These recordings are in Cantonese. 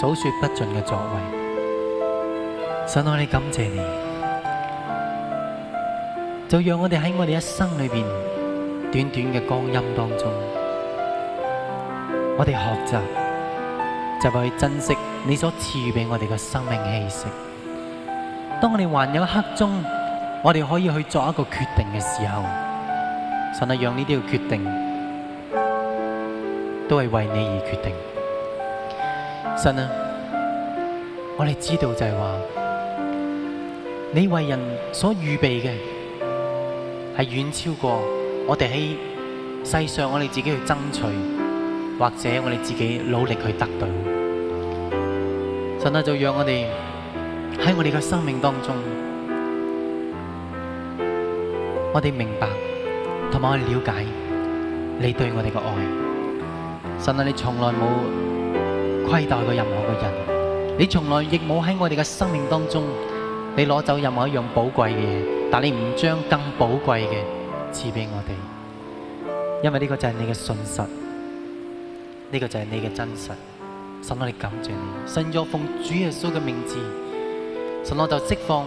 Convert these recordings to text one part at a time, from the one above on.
數說不盡嘅作為，神愛你，感謝你，就讓我哋喺我哋一生裏面短短嘅光陰當中，我哋學習就去珍惜你所賜予畀我哋嘅生命氣息。當我哋還有一刻鐘，我哋可以去做一個決定嘅時候，神啊，讓呢啲決定都係為你而決定。神啊，我哋知道就係話，你為人所預備嘅係遠超過我哋喺世上我哋自己去爭取或者我哋自己努力去得到。神啊，就讓我哋喺我哋嘅生命當中，我哋明白同埋我哋了解你對我哋嘅愛。神啊，你從來冇虧待過任何嘅人，你從來亦冇喺我哋嘅生命當中，你攞走任何一樣寶貴嘅嘢，但你唔將更寶貴嘅賜俾我哋，因為呢個就係你嘅信實，呢、這個就係你嘅真實。神啊，我感謝你，神要奉主耶穌嘅名字，神啊就釋放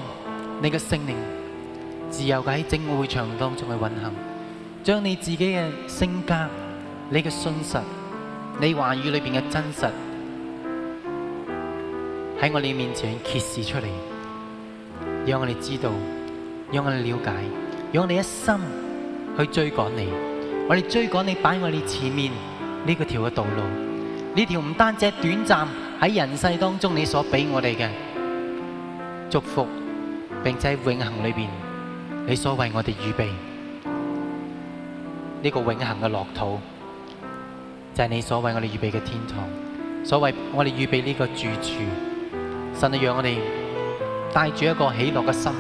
你嘅聖靈，自由嘅喺整個會場當中去運行，將你自己嘅性格、你嘅信實、你話語裏邊嘅真實。喺我哋面前揭示出嚟，讓我哋知道，讓我哋了解，讓我哋一心去追趕你。我哋追趕你擺我哋前面呢個條嘅道路，呢條唔單止係短暫喺人世當中你所俾我哋嘅祝福，並且喺永恆裏邊你所為我哋預備呢個永恆嘅樂土，就係你所為我哋預備嘅天堂，所為我哋預備呢個住處。神就讓我哋帶住一個喜樂嘅心，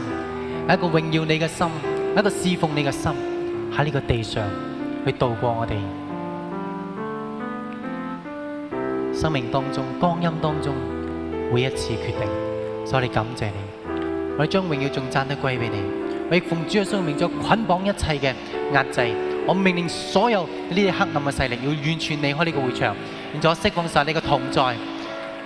一個榮耀你嘅心，一個侍奉你嘅心，喺呢個地上去度過我哋生命當中光陰當中每一次決定。所以我哋感謝你，我哋將榮耀尊貴都歸俾你，我哋奉主嘅生命，再捆綁一切嘅壓制。我命令所有呢啲黑暗嘅勢力，要完全離開呢個會場，然後釋放晒你嘅同在。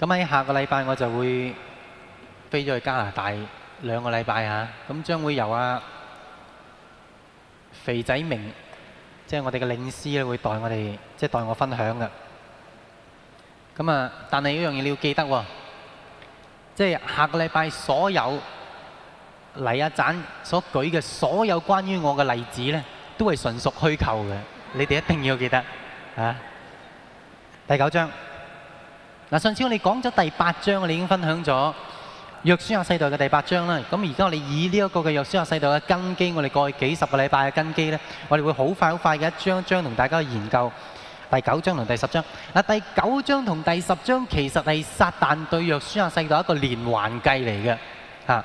咁喺下個禮拜我就會飛咗去加拿大兩個禮拜嚇，咁將會由阿肥仔明，即係我哋嘅領師會代我哋，即係代我分享嘅。咁啊，但係一樣嘢你要記得喎，即係下個禮拜所有黎阿展所舉嘅所有關於我嘅例子咧，都係純屬虛構嘅，你哋一定要記得啊。第九章。嗱，上次我哋講咗第八章，我哋已經分享咗約書亞世代嘅第八章啦。咁而家我哋以呢一個嘅約書亞世代嘅根基，我哋過去幾十個禮拜嘅根基咧，我哋會好快好快嘅一章一章同大家去研究第九章同第十章。嗱，第九章同第十章其實係撒但對約書亞世代一個連環計嚟嘅嚇。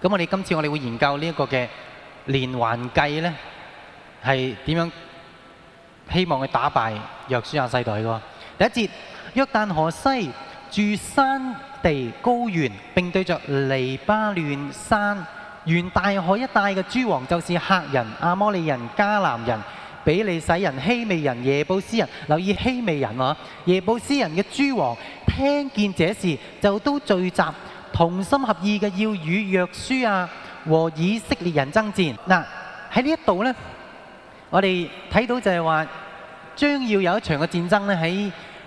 咁我哋今次我哋會研究呢一個嘅連環計咧，係點樣希望去打敗約書亞世代嘅？第一節。約旦河西住山地高原，並對着黎巴嫩山，沿大海一帶嘅諸王就是赫人、亞摩利人、迦南人、比利洗人、希未人、耶布斯人。留意希未人啊！耶布斯人嘅諸王聽見這事，就都聚集，同心合意嘅要與約書亞和以色列人爭戰。嗱，喺呢一度呢，我哋睇到就係話，將要有一場嘅戰爭呢喺。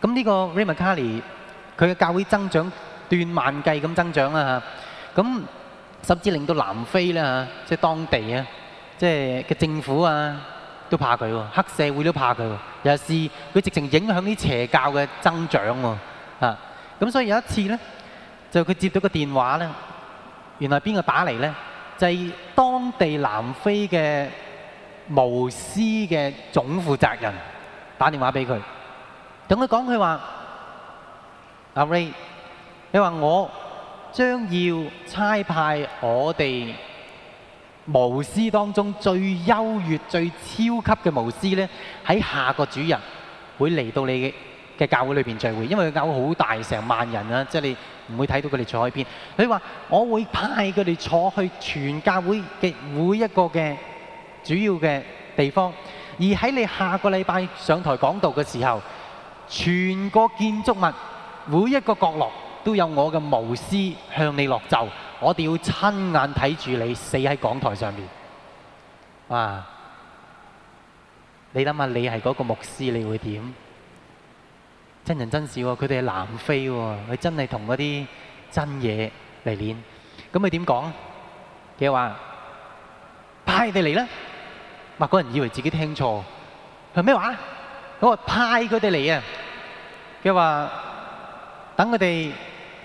咁呢個 Ray McCauley 佢嘅教會增長斷萬計咁增長啦、啊、嚇，咁、啊、甚至令到南非咧嚇、啊，即係當地啊，即係嘅政府啊都怕佢喎、啊，黑社會都怕佢喎、啊，尤其是佢直情影響啲邪教嘅增長喎、啊，啊，咁所以有一次呢，就佢接到個電話呢，原來邊個打嚟呢，就係、是、當地南非嘅巫師嘅總負責人打電話俾佢。等佢講，佢話：阿 Ray，你話我將要差派我哋巫師當中最優越、最超級嘅巫師咧，喺下個主人會嚟到你嘅教會裏邊聚會，因為佢教會好大，成萬人啊。即係你唔會睇到佢哋坐喺邊。佢話：我會派佢哋坐去全教會嘅每一個嘅主要嘅地方，而喺你下個禮拜上台講道嘅時候。全個建築物每一個角落都有我嘅巫師向你落咒，我哋要親眼睇住你死喺講台上面。啊！你諗下，你係嗰個牧師，你會點？真人真事喎，哦，佢哋係南非喎，哦，佢真係同嗰啲真嘢嚟練。咁佢點講？佢話派你嚟呢嗱，嗰人以為自己聽錯，佢咩話？我派佢哋嚟啊！佢話：等佢哋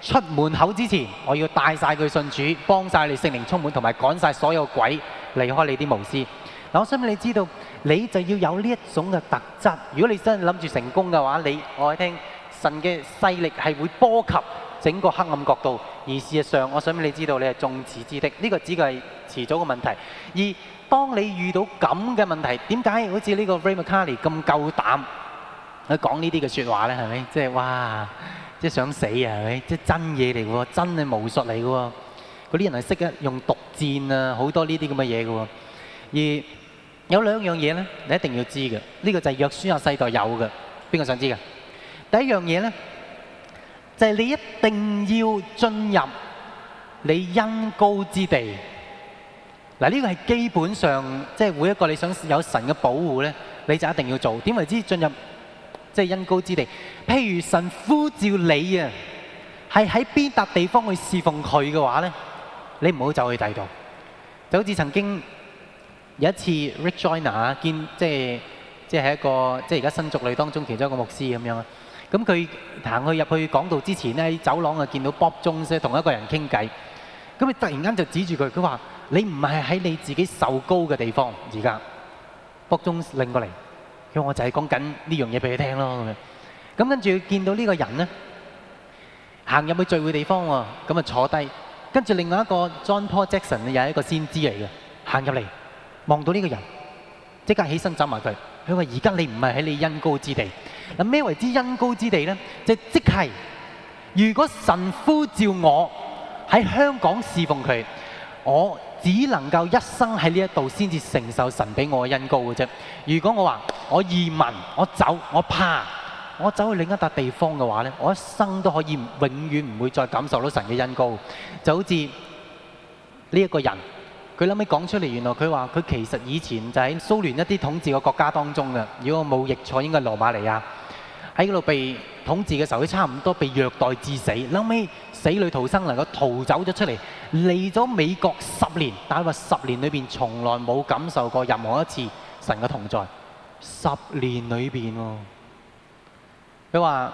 出門口之前，我要帶曬佢信主，幫曬你聖靈充滿，同埋趕曬所有鬼離開你啲巫師。嗱，我想俾你知道，你就要有呢一種嘅特質。如果你真係諗住成功嘅話，你我喺聽神嘅勢力係會波及整個黑暗國度，而事實上，我想俾你知道，你係眾矢之的。呢個只係遲早嘅問題。二，當你遇到咁嘅問題，點解好似呢個 Ray McCarty 咁夠膽去講呢啲嘅説話咧？係咪？即係哇，即係想死啊！係咪？即係真嘢嚟嘅喎，真嘅巫術嚟嘅喎。嗰啲人係識得用毒箭啊，好多呢啲咁嘅嘢嘅喎。而有兩樣嘢咧，你一定要知嘅，呢個就係約書亞世代有嘅。邊個想知嘅？第一樣嘢咧，就係你一定要進入你恩高之地。嗱，呢個係基本上，即係每一個你想有神嘅保護咧，你就一定要做。點為之進入即係恩膏之地？譬如神呼召你啊，係喺邊笪地方去侍奉佢嘅話咧，你唔好走去第度。就好似曾經有一次 Rick Joyner 啊，見即係即係一個即係而家新族類當中其中一個牧師咁樣啊。咁佢行去入去講道之前咧，走廊啊，見到 Bob Jones 同一個人傾偈，咁佢突然間就指住佢，佢話。你唔係喺你自己受高嘅地方，而家卜中拎過嚟，佢話我就係講緊呢樣嘢俾佢聽咯咁樣。咁跟住見到呢個人咧，行入去聚會地方喎，咁啊坐低。跟住另外一個 John Paul Jackson 又係一個先知嚟嘅，行入嚟望到呢個人，即刻起身走埋佢。佢話：而家你唔係喺你恩高之地。嗱咩為之恩高之地咧？即係即係，如果神呼召我喺香港侍奉佢，我。只能夠一生喺呢一度先至承受神俾我嘅恩膏嘅啫。如果我話我移民、我走、我怕、我走去另一笪地方嘅話呢，我一生都可以永遠唔會再感受到神嘅恩膏。就好似呢一個人，佢諗起講出嚟，原來佢話佢其實以前就喺蘇聯一啲統治嘅國家當中嘅。如果冇譯錯，應該係羅馬尼亞。喺嗰度被統治嘅時候，佢差唔多被虐待致死。諗起。死裏逃生，能夠逃走咗出嚟，嚟咗美國十年，但係話十年裏邊從來冇感受過任何一次神嘅同在。十年裏邊、哦，佢話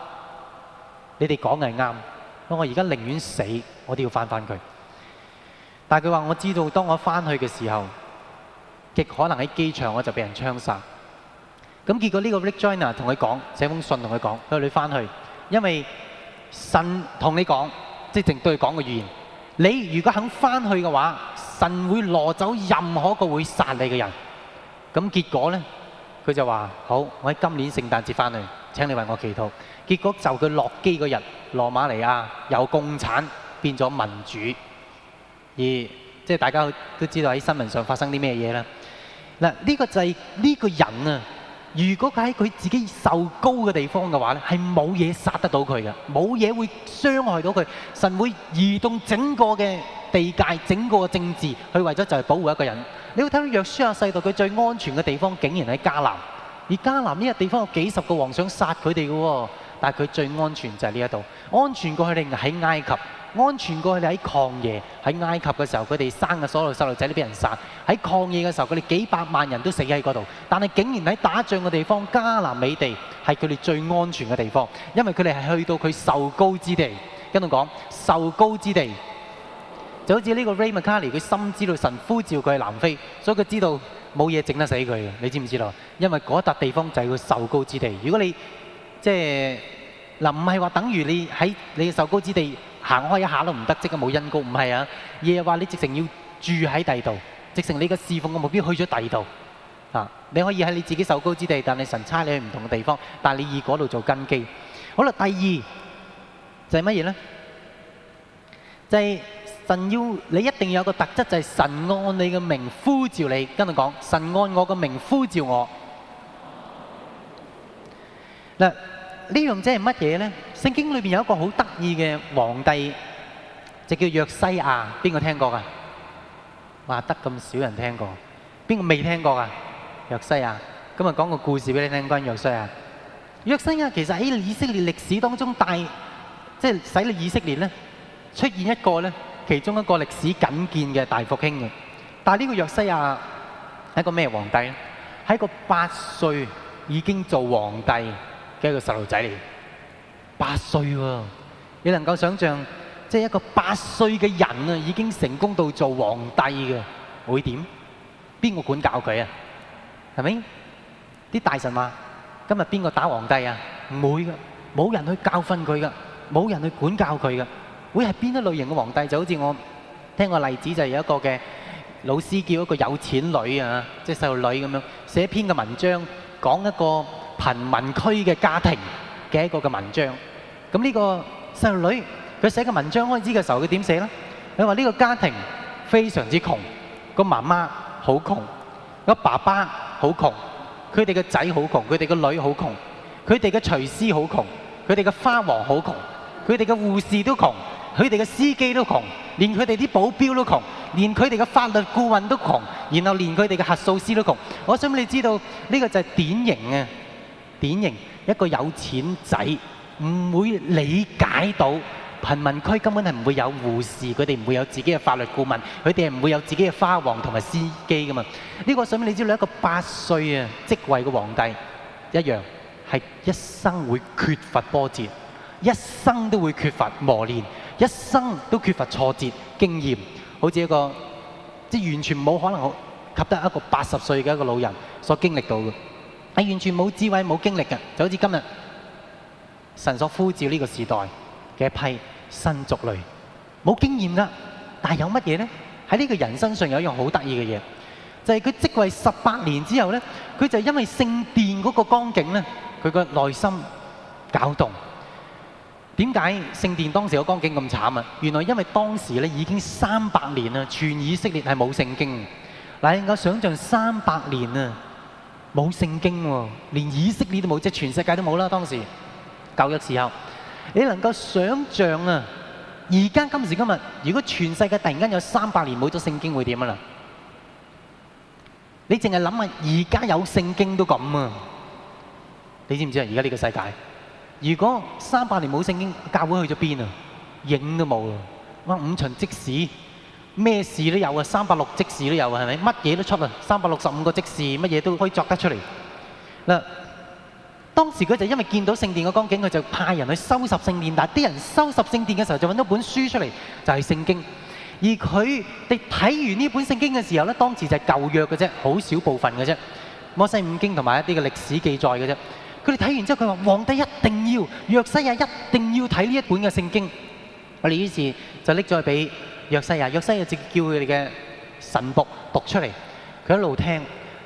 你哋講嘅係啱，我而家寧願死，我都要翻翻去。但係佢話我知道，當我翻去嘅時候，極可能喺機場我就俾人槍殺。咁結果呢個 Rick Joyner 同佢講，寫封信同佢講，佢話你翻去，因為神同你講。即係淨對講嘅語言，你如果肯翻去嘅話，神會攞走任何一個會殺你嘅人。咁結果呢，佢就話：好，我喺今年聖誕節翻去，請你為我祈禱。結果就佢落機嗰日，羅馬尼亞由共產變咗民主，而即係大家都知道喺新聞上發生啲咩嘢啦。嗱，呢個就係呢個人啊！如果喺佢自己受高嘅地方嘅話咧，係冇嘢殺得到佢嘅，冇嘢會傷害到佢。神會移動整個嘅地界、整個嘅政治，去為咗就係保護一個人。你會睇到約書亞世代，佢最安全嘅地方竟然喺迦南，而迦南呢個地方有幾十個王想殺佢哋嘅，但係佢最安全就係呢一度，安全過佢哋喺埃及。安全過去喺曠野喺埃及嘅時候，佢哋生嘅所有細路仔都俾人殺。喺曠野嘅時候，佢哋幾百萬人都死喺嗰度。但係竟然喺打仗嘅地方，迦南美地係佢哋最安全嘅地方，因為佢哋係去到佢受高之地。跟住講受高之地，就好似呢個 Ray McCary，佢深知道神呼召佢喺南非，所以佢知道冇嘢整得死佢。你知唔知道？因為嗰笪地方就係佢受高之地。如果你即係嗱，唔係話等於你喺你嘅受高之地。行開一下都唔得，即係冇恩膏。唔係啊，而係話你直情要住喺第二度，直情你個侍奉嘅目標去咗第二度啊！你可以喺你自己受膏之地，但係神差你去唔同嘅地方，但係你以嗰度做根基。好啦，第二就係乜嘢咧？就係神要你一定要有個特質，就係神按你嘅名呼召你，跟住講神按我嘅名呼召我。嗱，呢樣即係乜嘢咧？聖經裏邊有一個好得意嘅皇帝，就叫約西亞，邊個聽過噶話得咁少人聽過，邊個未聽過啊？約西亞，今日講個故事俾你聽，關於約西亞。約西亞其實喺以色列歷史當中帶，即係使你以色列咧出現一個咧其中一個歷史僅見嘅大復興嘅。但係呢個約西亞係一個咩皇帝咧？係一個八歲已經做皇帝嘅一個細路仔嚟。八歲喎，你能夠想象即係一個八歲嘅人啊，已經成功到做皇帝嘅，會點？邊個管教佢啊？係咪？啲大臣話：今日邊個打皇帝啊？唔會噶，冇人去教訓佢噶，冇人去管教佢噶。會係邊一類型嘅皇帝？就好似我聽個例子，就係有一個嘅老師叫一個有錢女啊，即係細路女咁樣寫篇嘅文章，講一個貧民區嘅家庭嘅一個嘅文章。咁呢個細路女，佢寫個文章開始嘅時候，佢點寫呢？佢話呢個家庭非常之窮，個媽媽好窮，個爸爸好窮，佢哋嘅仔好窮，佢哋嘅女好窮，佢哋嘅廚師好窮，佢哋嘅花王好窮，佢哋嘅護士都窮，佢哋嘅司機都窮，連佢哋啲保鏢都窮，連佢哋嘅法律顧問都窮，然後連佢哋嘅核數師都窮。我想你知道，呢個就係典型啊，典型一個有錢仔。唔會理解到貧民區根本係唔會有護士，佢哋唔會有自己嘅法律顧問，佢哋係唔會有自己嘅花王同埋司機噶嘛？呢、這個上面你知道，知？一個八歲啊職位嘅皇帝一樣係一生會缺乏波折，一生都會缺乏磨練，一生都缺乏挫折經驗，好似一個即係完全冇可能及得一個八十歲嘅一個老人所經歷到嘅，係完全冇智慧、冇經歷嘅，就好似今日。神所呼召呢個時代嘅一批新族類，冇經驗㗎，但係有乜嘢呢？喺呢個人身上有一樣好得意嘅嘢，就係、是、佢職位十八年之後呢，佢就因為聖殿嗰個光景呢，佢個內心搞動。點解聖殿當時個光景咁慘啊？原來因為當時咧已經三百年啦，全以色列係冇聖經。嗱，你夠想象三百年啊，冇聖經喎，連以色列都冇，即係全世界都冇啦，當時。舊嘅時候，你能夠想象啊？而家今時今日，如果全世界突然間有三百年冇咗聖經，會點啊啦？你淨係諗下，而家有聖經都咁啊！你知唔知啊？而家呢個世界，如果三百年冇聖經，教會去咗邊啊？影都冇啊！哇，五旬即士咩事都有啊，三百六即士都有啊，係咪？乜嘢都出啊，三百六十五個即士，乜嘢都可以作得出嚟嗱。當時佢就因為見到聖殿個光景，佢就派人去收拾聖殿。但係啲人收拾聖殿嘅時候，就揾到一本書出嚟，就係聖經。而佢哋睇完呢本聖經嘅時候咧，當時就係舊約嘅啫，好少部分嘅啫，《摩西五經》同埋一啲嘅歷史記載嘅啫。佢哋睇完之後，佢話：皇帝一定要約西亞一定要睇呢一本嘅聖經。我哋於是就拎咗去俾約西亞，約西亞就叫佢哋嘅神僕讀出嚟。佢一路聽，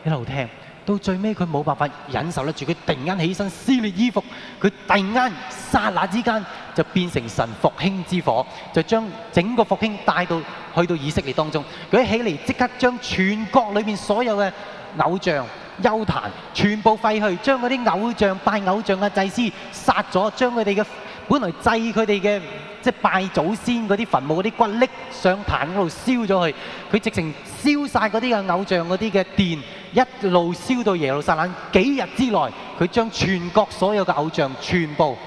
一路聽。到最尾佢冇辦法忍受得住，佢突然間起身撕裂衣服，佢突然間剎那之間就變成神復興之火，就將整個復興帶到去到以色列當中，佢一起嚟即刻將全國裏面所有嘅偶像、邱壇全部廢去，將嗰啲偶像拜偶像嘅祭司殺咗，將佢哋嘅本來祭佢哋嘅。即係拜祖先嗰啲墳墓嗰啲骨，拎上壇嗰度燒咗佢。佢直情燒曬嗰啲嘅偶像嗰啲嘅殿，一路燒到耶路撒冷。幾日之內，佢將全國所有嘅偶像全部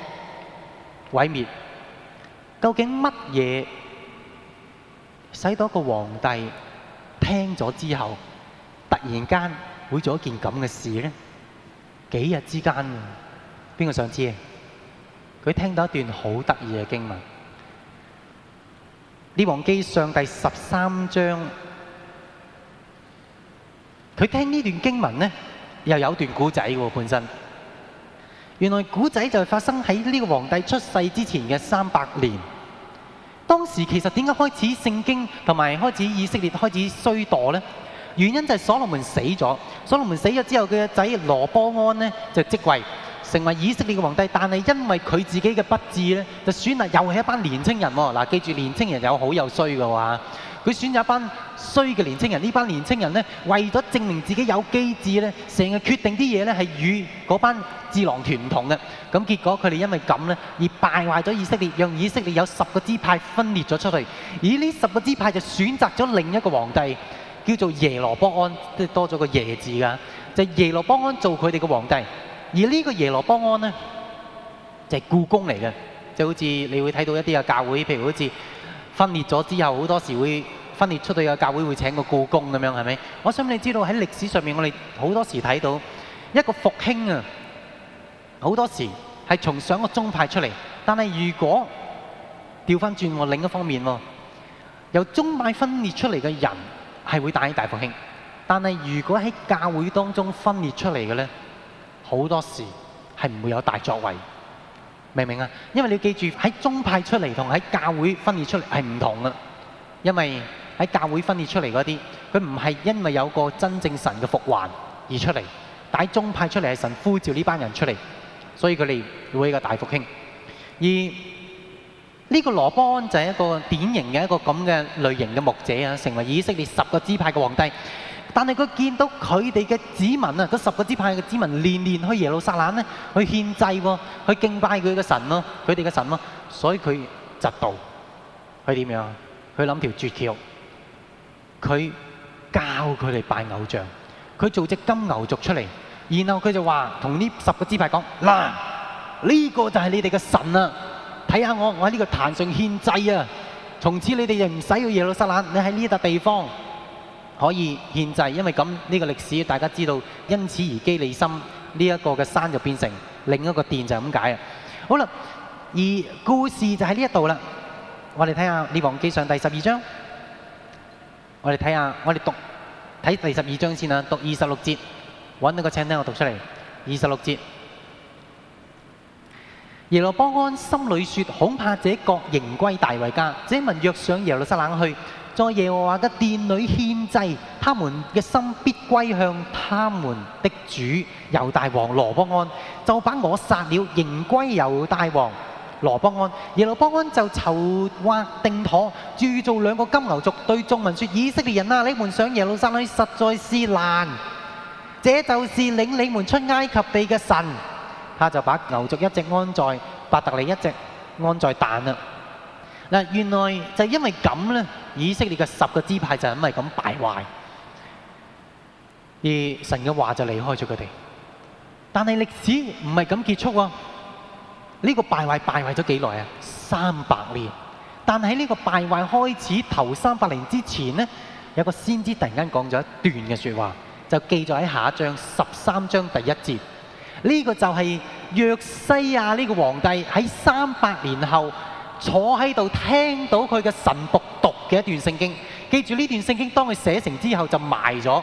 毀滅。究竟乜嘢使到一個皇帝聽咗之後，突然間會做一件咁嘅事咧？幾日之間，邊個想知啊？佢聽到一段好得意嘅經文。列王記上第十三章，佢聽呢段經文呢，又有一段古仔喎本身。原來古仔就係發生喺呢個皇帝出世之前嘅三百年。當時其實點解開始聖經同埋開始以色列開始衰墮呢？原因就係所羅門死咗。所羅門死咗之後，佢嘅仔羅波安呢，就即位。成為以色列嘅皇帝，但係因為佢自己嘅不智咧，就選啦又係一班年青人喎。嗱，記住年青人有好有衰嘅喎。佢選咗一班衰嘅年青人，呢班年青人呢，為咗證明自己有機智咧，成日決定啲嘢呢係與嗰班智囊團唔同嘅。咁結果佢哋因為咁呢，而敗壞咗以色列，讓以色列有十個支派分裂咗出去。而呢十個支派就選擇咗另一個皇帝，叫做耶羅波安，即係多咗個耶字㗎，就係耶羅波安做佢哋嘅皇帝。而呢個耶羅波安呢，就係、是、故宮嚟嘅，就好似你會睇到一啲嘅教會，譬如好似分裂咗之後，好多時會分裂出去嘅教會會請個故宮咁樣，係咪？我想你知道喺歷史上面，我哋好多時睇到一個復興啊，好多時係從上個宗派出嚟，但係如果調翻轉我另一方面喎，由宗派分裂出嚟嘅人係會帶起大復興，但係如果喺教會當中分裂出嚟嘅呢？好多時係唔會有大作為，明唔明啊？因為你要記住喺宗派出嚟同喺教會分裂出嚟係唔同噶，因為喺教會分裂出嚟嗰啲，佢唔係因為有個真正神嘅復活而出嚟，但係宗派出嚟係神呼召呢班人出嚟，所以佢哋會有一個大復興。而呢個羅波安就係一個典型嘅一個咁嘅類型嘅牧者啊，成為以色列十個支派嘅皇帝。但係佢見到佢哋嘅子民啊，嗰十個支派嘅子民年年去耶路撒冷咧，去獻祭，去敬拜佢嘅神咯，佢哋嘅神咯，所以佢窒道，佢點樣？佢諗條絕橋，佢教佢哋拜偶像，佢做隻金牛族出嚟，然後佢就話同呢十個支派講：嗱，啊，呢個就係你哋嘅神啊，睇下我，我喺呢個壇上獻祭啊，從此你哋就唔使去耶路撒冷，你喺呢笪地方。可以獻祭，因為咁呢個歷史大家知道，因此而基利心呢一個嘅山就變成另一個殿就係咁解啊！好啦，而故事就喺呢一度啦。我哋睇下《列王紀》上第十二章。我哋睇下，我哋讀睇第十二章先啦，讀二十六節，揾到個，請聽我讀出嚟。二十六節，耶羅波安心裏說：恐怕這國仍歸大衛家。這民若上耶路撒冷去。在耶和華嘅殿裏獻祭，他們嘅心必歸向他們的主。猶大王羅波安就把我殺了，仍歸猶大王羅波安。耶羅波安就籌劃定妥，鑄造兩個金牛犢，對眾民説：以色列人啊，你們想耶路撒冷實在是難。這就是領你們出埃及地嘅神。他就把牛犢一隻安在伯特利，一隻安在但。啊。嗱，原來就係因為咁咧，以色列嘅十個支派就因為咁敗壞，而神嘅話就離開咗佢哋。但係歷史唔係咁結束啊。呢個敗壞敗壞咗幾耐啊？三百年。但喺呢個敗壞開始頭三百年之前呢，有個先知突然間講咗一段嘅説話，就記載喺下一章十三章第一節。呢個就係約西亞呢個皇帝喺三百年後。坐喺度聽到佢嘅神甫讀嘅一段聖經，記住呢段聖經當佢寫成之後就埋咗、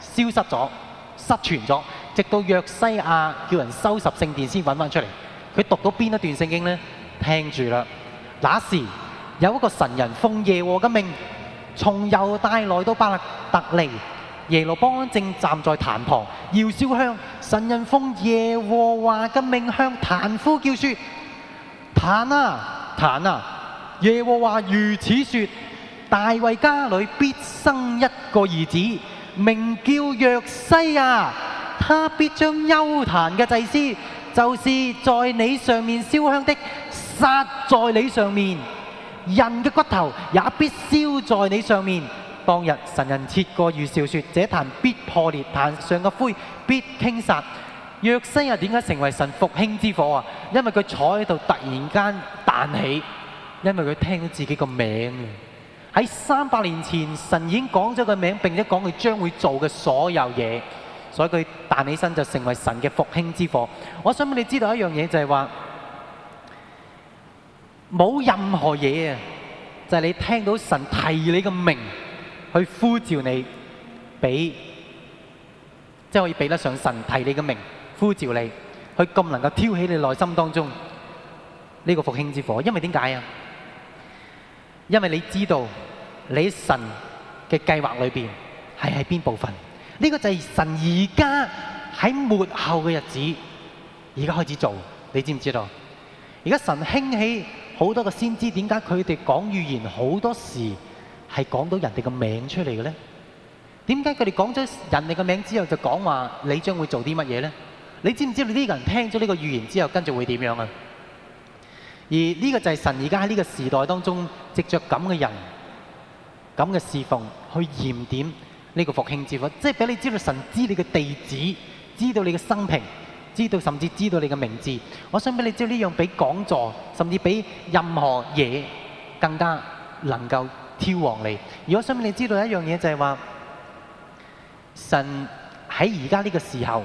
消失咗、失傳咗，直到約西亞叫人收拾聖殿先揾翻出嚟。佢讀到邊一段聖經呢？聽住啦。那時有一個神人奉耶和華嘅命，從猶大來到巴勒特利，耶路邦安，耶羅波安正站在壇旁要燒香，神人奉耶和華嘅命向壇呼叫説：壇啊！壇啊，耶和華如此說：大衛家裏必生一個兒子，名叫約西亞，他必將丘壇嘅祭司，就是在你上面燒香的，殺在你上面；人嘅骨頭也必燒在你上面。當日神人切過預兆說：這壇必破裂，壇上嘅灰必傾撒。若瑟又點解成為神復興之火啊？因為佢坐喺度突然間彈起，因為佢聽到自己個名。喺三百年前，神已經講咗個名，並且講佢將會做嘅所有嘢，所以佢彈起身就成為神嘅復興之火。我想俾你知道一樣嘢，就係話冇任何嘢啊，就係你聽到神提你個名去呼召你，俾即係可以俾得上神提你個名。呼召你，去咁能夠挑起你內心當中呢個復興之火，因為點解啊？因為你知道你神嘅計劃裏邊係喺邊部分，呢個就係神而家喺末後嘅日子而家開始做，你知唔知道？而家神興起好多個先知，點解佢哋講預言好多時係講到人哋嘅名出嚟嘅咧？點解佢哋講咗人哋嘅名之後就講話你將會做啲乜嘢咧？你知唔知你個人聽咗呢個預言之後跟住會點樣啊？而呢個就係神而家喺呢個時代當中藉着咁嘅人、咁嘅侍奉去驗點呢個復興之火，即係俾你知道神知道你嘅地址，知道你嘅生平，知道甚至知道你嘅名字。我想俾你知道呢樣比講座甚至比任何嘢更加能夠挑旺你。而我想俾你知道的一樣嘢就係話，神喺而家呢個時候。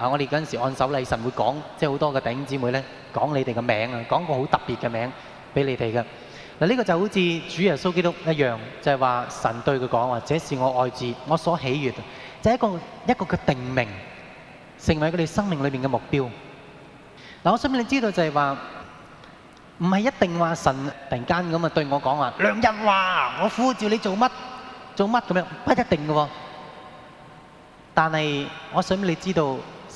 啊！我哋嗰陣時按手禮神會講，即係好多嘅弟兄姊妹咧講你哋嘅名啊，講個好特別嘅名俾你哋嘅。嗱呢個就好似主耶穌基督一樣，就係話神對佢講話：這是我愛子，我所喜悅，就係一個一個嘅定名，成為佢哋生命裏面嘅目標。嗱，我想俾你知道就係話，唔係一定話神突然間咁啊對我講話，梁日華我呼召你做乜做乜咁樣，不一定嘅喎。但係我想俾你知道。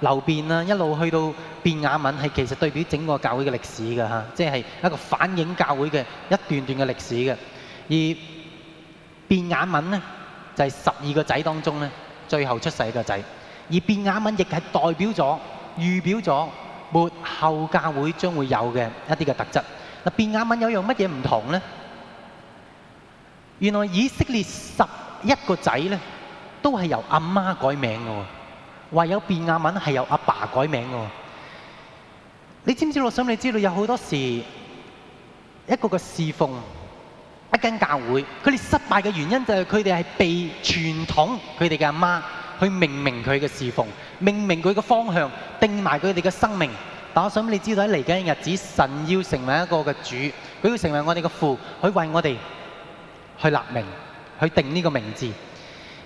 流便啊，一路去到便雅憫，係其實對表整個教會嘅歷史㗎嚇、啊，即係一個反映教會嘅一段段嘅歷史嘅。而便雅憫呢，就係、是、十二個仔當中呢，最後出世嘅仔。而便雅憫亦係代表咗、預表咗末後教會將會有嘅一啲嘅特質。嗱，便雅憫有樣乜嘢唔同呢？原來以色列十一個仔呢，都係由阿媽改名㗎喎。唯有變亞文係由阿爸，爸改名㗎，你知唔知？我想你知道有好多時一個嘅侍奉一間教會，佢哋失敗嘅原因就係佢哋係被傳統佢哋嘅阿媽去命名佢嘅侍奉，命名佢嘅方向，定埋佢哋嘅生命。但我想你知道喺嚟緊嘅日子，神要成為一個嘅主，佢要成為我哋嘅父，佢為我哋去立名，去定呢個名字。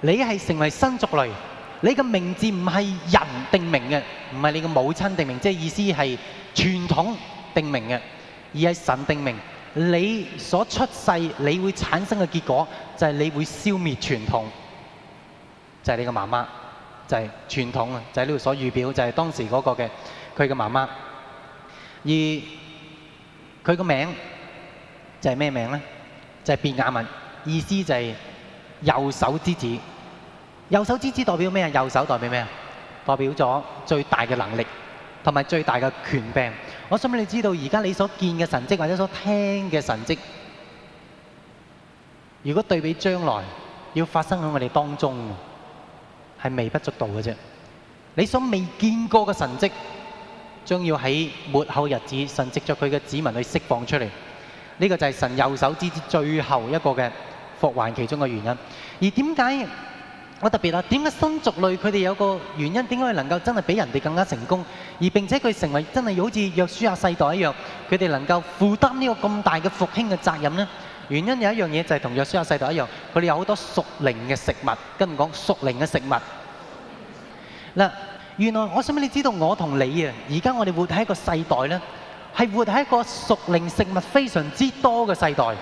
你係成為新族類，你嘅名字唔係人定名嘅，唔係你嘅母親定名，即係意思係傳統定名嘅，而係神定名。你所出世，你會產生嘅結果就係你會消滅傳統，就係你嘅媽媽，就係傳統啊，就係呢度所預表，就係當時嗰個嘅佢嘅媽媽。而佢嘅名就係咩名咧？就係便雅憫，意思就係。右手之子，右手之子代表咩啊？右手代表咩啊？代表咗最大嘅能力，同埋最大嘅權柄。我想俾你知道，而家你所見嘅神蹟或者所聽嘅神蹟，如果對比將來要發生喺我哋當中，係微不足道嘅啫。你所未見過嘅神蹟，將要喺末後日子神藉着佢嘅指紋去釋放出嚟。呢個就係神右手之子最後一個嘅。復還其中嘅原因，而點解我特別啊？點解新族類佢哋有個原因，點解佢能夠真係比人哋更加成功，而並且佢成為真係好似約書亞世代一樣，佢哋能夠負擔呢個咁大嘅復興嘅責任咧？原因有一樣嘢就係同約書亞世代一樣，佢哋有好多屬靈嘅食物，跟住講屬靈嘅食物。嗱，原來我想俾你知道我同你啊？而家我哋活喺一個世代咧，係活喺一個屬靈食物非常之多嘅世代。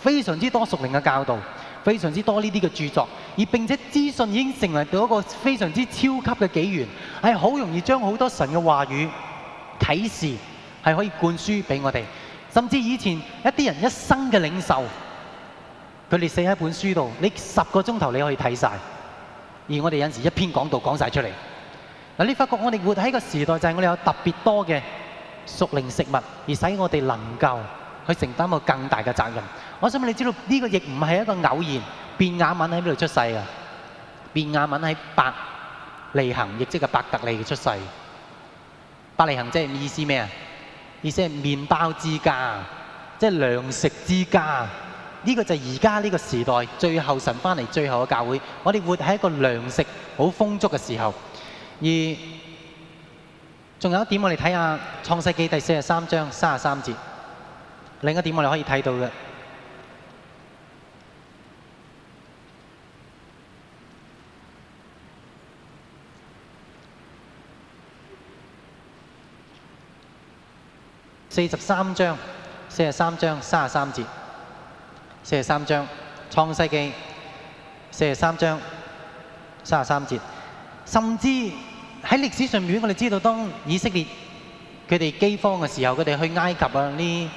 非常之多熟靈嘅教導，非常之多呢啲嘅著作，而並且資訊已經成為到一個非常之超級嘅紀元，係好容易將好多神嘅話語啟示係可以灌輸俾我哋。甚至以前一啲人一生嘅領受，佢哋寫喺本書度，你十個鐘頭你可以睇晒，而我哋有陣時一篇講道講晒出嚟，嗱，你發覺我哋活喺個時代，就係我哋有特別多嘅熟靈食物，而使我哋能夠。佢承擔個更大嘅責任。我想問你知道呢個亦唔係一個偶然。便雅憫喺邊度出世啊？便雅憫喺伯利恆，亦即係伯特利出世。伯利恆即係意思咩啊？意思係麵包之家，即係糧食之家。呢個就係而家呢個時代最後神翻嚟最後嘅教會，我哋活喺一個糧食好豐足嘅時候。而仲有一點，我哋睇下創世記第四十三章三十三節。另一點我哋可以睇到嘅，四十三章，四十三章三十三節，四十三章創世記，四十三章三十三節，甚至喺歷史上面，我哋知道當以色列佢哋飢荒嘅時候，佢哋去埃及啊呢。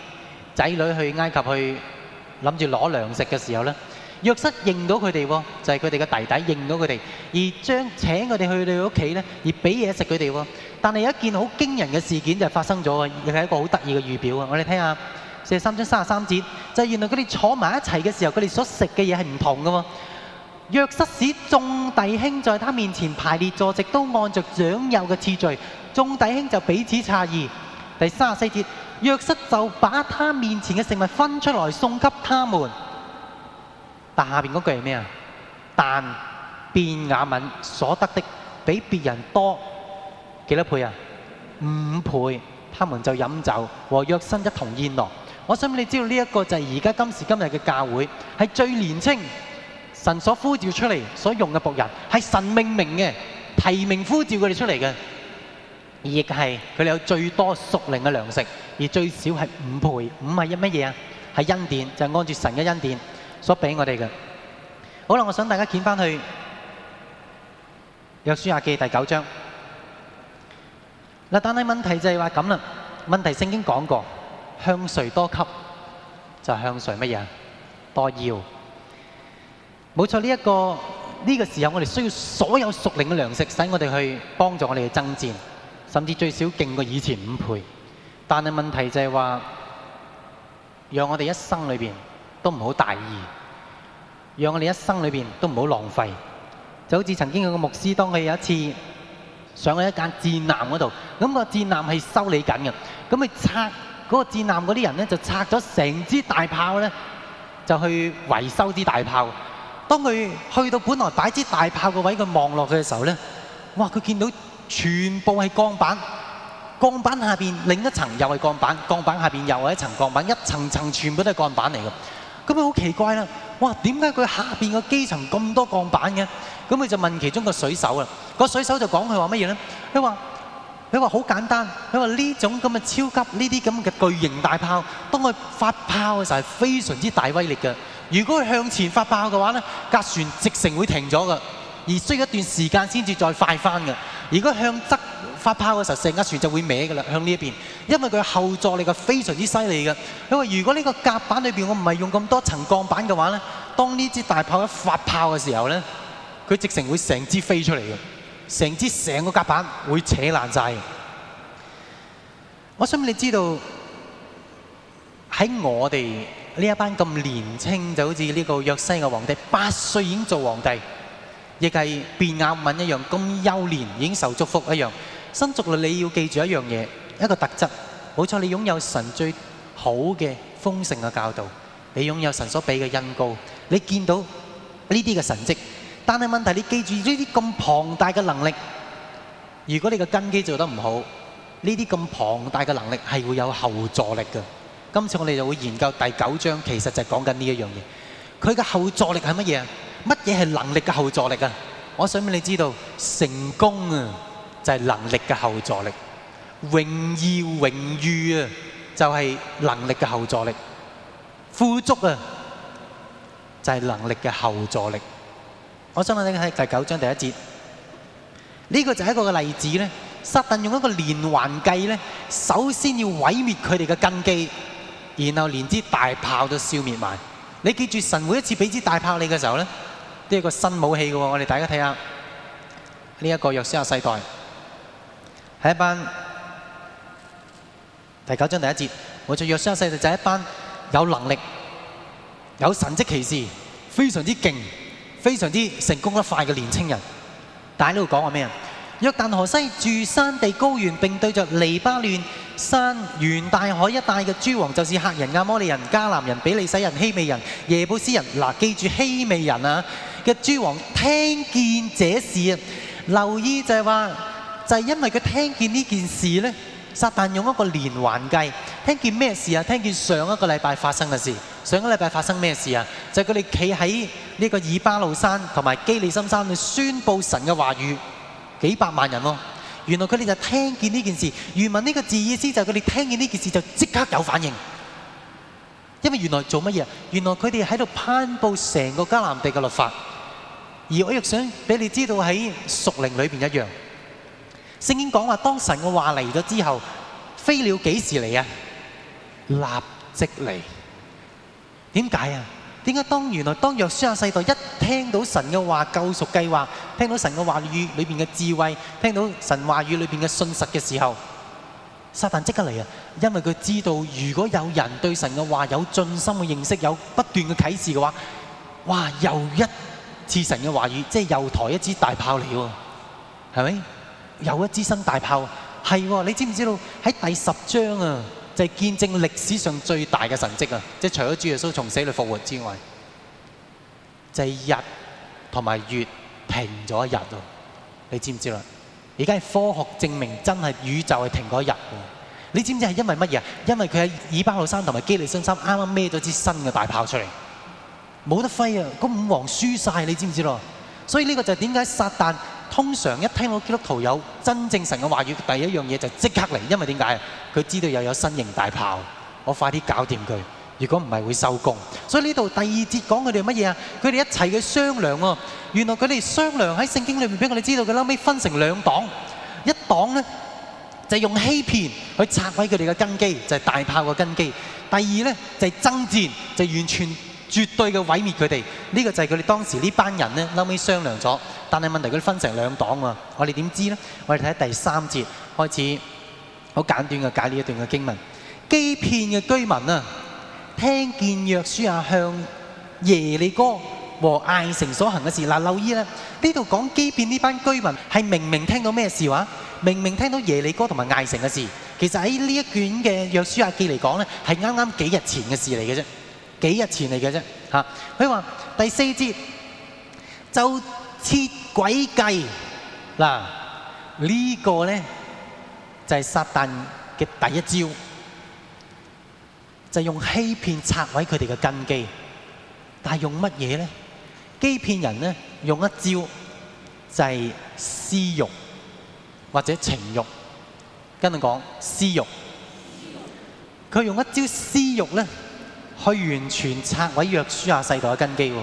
仔女去埃及去諗住攞糧食嘅時候呢約瑟認到佢哋喎，就係佢哋嘅弟弟認到佢哋，而將請佢哋去佢屋企呢，而俾嘢食佢哋喎。但係有一件好驚人嘅事件就發生咗喎，亦係一個好得意嘅預表啊！我哋聽下四十三章三十三節，就是、原來佢哋坐埋一齊嘅時候，佢哋所食嘅嘢係唔同嘅喎。約瑟使眾弟兄在他面前排列坐席，都按着長幼嘅次序，眾弟兄就彼此詫異。第三十四節。約瑟就把他面前嘅食物分出來，送給他們，但下邊嗰句係咩啊？但便雅憫所得的比別人多幾多倍啊？五倍，他們就飲酒和約瑟一同宴樂。我想你知道呢一個就係而家今時今日嘅教會，係最年輕神所呼召出嚟所用嘅僕人，係神命名嘅提名呼召佢哋出嚟嘅。亦係佢哋有最多屬靈嘅糧食，而最少係五倍。五係因乜嘢啊？係恩典，就按住神嘅恩典所俾我哋嘅。好啦，我想大家見翻去約書亞記第九章。嗱，但係問題就係話咁啦。問題聖經講過，向誰多給，就向誰乜嘢？多要。冇錯，呢一個呢個時候，我哋需要所有屬靈嘅糧食，使我哋去幫助我哋去爭戰。甚至最少勁過以前五倍，但係問題就係話，讓我哋一生裏邊都唔好大意，讓我哋一生裏邊都唔好浪費。就好似曾經有個牧師，當佢有一次上去一間戰艦嗰度，咁個戰艦係修理緊嘅，咁佢拆嗰個戰艦嗰啲人咧就拆咗成支大炮咧，就去維修支大炮。當佢去到本來擺支大炮個位，佢望落去嘅時候咧，哇！佢見到。全部係鋼板，鋼板下邊另一層又係鋼板，鋼板下邊又係一層鋼板，一層層全部都係鋼板嚟嘅。咁佢好奇怪啦！哇，點解佢下邊個基層咁多鋼板嘅？咁佢就問其中個水手啦。個水手就講佢話乜嘢呢？佢話佢話好簡單，佢話呢種咁嘅超級呢啲咁嘅巨型大炮，當佢發炮嘅時候係非常之大威力嘅。如果佢向前發炮嘅話呢架船直程會停咗嘅，而需要一段時間先至再快返嘅。如果向側發炮嘅時候，成隻船就會歪㗎啦，向呢一邊，因為佢後座力係非常之犀利㗎。因為如果呢個甲板裏面我唔係用咁多層鋼板嘅話，呢當呢支大炮一發炮嘅時候呢，佢直情會成支飛出嚟，成支成個甲板會扯爛曬。我想你知道喺我哋呢一班咁年輕就好似呢個約西嘅皇帝，八歲已經做皇帝。亦係變亞敏一樣咁優廉已經受祝福一樣，新族類你要記住一樣嘢，一個特質，冇錯，你擁有神最好嘅豐盛嘅教導，你擁有神所俾嘅恩膏，你見到呢啲嘅神跡，但係問題你記住呢啲咁龐大嘅能力，如果你嘅根基做得唔好，呢啲咁龐大嘅能力係會有後座力嘅。今次我哋就會研究第九章，其實就係講緊呢一樣嘢，佢嘅後座力係乜嘢？乜嘢係能力嘅後助力啊？我想俾你知道成功啊就係能力嘅後助力，榮耀、榮譽啊就係能力嘅後助力，富足啊就係能力嘅後助力。我想俾大家睇第九章第一節，呢個就係一個嘅例子咧。撒但用一個連環計咧，首先要毀滅佢哋嘅根基，然後連支大炮都消滅埋。你記住，神每一次俾支大炮你嘅時候咧。呢一個新武器嘅，我哋大家睇下呢一個約書亞世代，係一班第九章第一節，我哋約書亞世代就係一班有能力、有神跡奇事、非常之勁、非常之成功得快嘅年輕人，大家喺度講話咩啊？約旦河西住山地高原，並對着黎巴嫩山、沿大海一帶嘅諸王，就是客人亞摩利人、迦南人、比利洗人、希未人、耶布斯人。嗱、啊，記住希未人啊嘅諸王聽見這事啊，留意就係話就係、是、因為佢聽見呢件事呢，撒旦用一個連環計，聽見咩事啊？聽見上一個禮拜發生嘅事，上個禮拜發生咩事啊？就係佢哋企喺呢個以巴路山同埋基利心山去宣布神嘅話語。幾百萬人咯、啊，原來佢哋就聽見呢件事，原文呢個字意思就係佢哋聽見呢件事就即刻有反應，因為原來做乜嘢？原來佢哋喺度攀布成個迦南地嘅律法，而我亦想俾你知道喺屬靈裏邊一樣。聖經講話，當神嘅話嚟咗之後，飛鳥幾時嚟啊？立即嚟。點解啊？點解當原來當約書亞世代一聽到神嘅話救贖計劃，聽到神嘅話語裏邊嘅智慧，聽到神話語裏邊嘅信實嘅時候，撒旦即刻嚟啊！因為佢知道，如果有人對神嘅話有進心嘅認識，有不斷嘅啟示嘅話，哇！又一次神嘅話語，即係又抬一支大炮嚟喎，係咪？又一支新大炮，係喎、哦！你知唔知道喺第十章啊？就係見證歷史上最大嘅神蹟啊！即係除咗主耶穌從死裏復活之外，就係日同埋月停咗一日啊。你知唔知啊？而家係科學證明真係宇宙係停咗一日嘅啊。你知唔知係因為乜嘢啊？因為佢喺以巴路山同埋基利心山啱啱孭咗支新嘅大炮出嚟，冇得揮啊！嗰五王輸晒，你知唔知咯？所以呢個就係點解撒旦。通常一聽到基督徒有真正神嘅話語，第一樣嘢就即刻嚟，因為點解？佢知道又有，有新型大炮，我快啲搞掂佢。如果唔係會收工。所以呢度第二節講佢哋乜嘢啊？佢哋一齊去商量喎。原來佢哋商量喺聖經裏面俾我哋知道，佢後尾分成兩黨。一黨呢，就係用欺騙去拆毀佢哋嘅根基，就係大炮嘅根基。第二呢，就係爭戰，就係完全。絕對嘅毀滅佢哋，呢個就係佢哋當時呢班人咧，後尾商量咗。但係問題佢哋分成兩黨啊，我哋點知咧？我哋睇下第三節開始，好簡短嘅解呢一段嘅經文。基遍嘅居民啊，聽見約書亞向耶利哥和艾城所行嘅事。嗱，留意呢，呢度講基遍呢班居民係明明聽到咩事話，明明聽到耶利哥同埋艾城嘅事。其實喺呢一卷嘅約書亞記嚟講咧，係啱啱幾日前嘅事嚟嘅啫。幾日前嚟嘅啫嚇，佢、啊、話第四節就設詭計嗱，啊這個、呢個咧就係、是、撒旦嘅第一招，就是、用欺騙拆毀佢哋嘅根基。但係用乜嘢咧？欺騙人咧，用一招就係私慾，或者情慾。跟住講私慾。佢用一招私慾咧。佢完全拆毀約書亞世代嘅根基喎，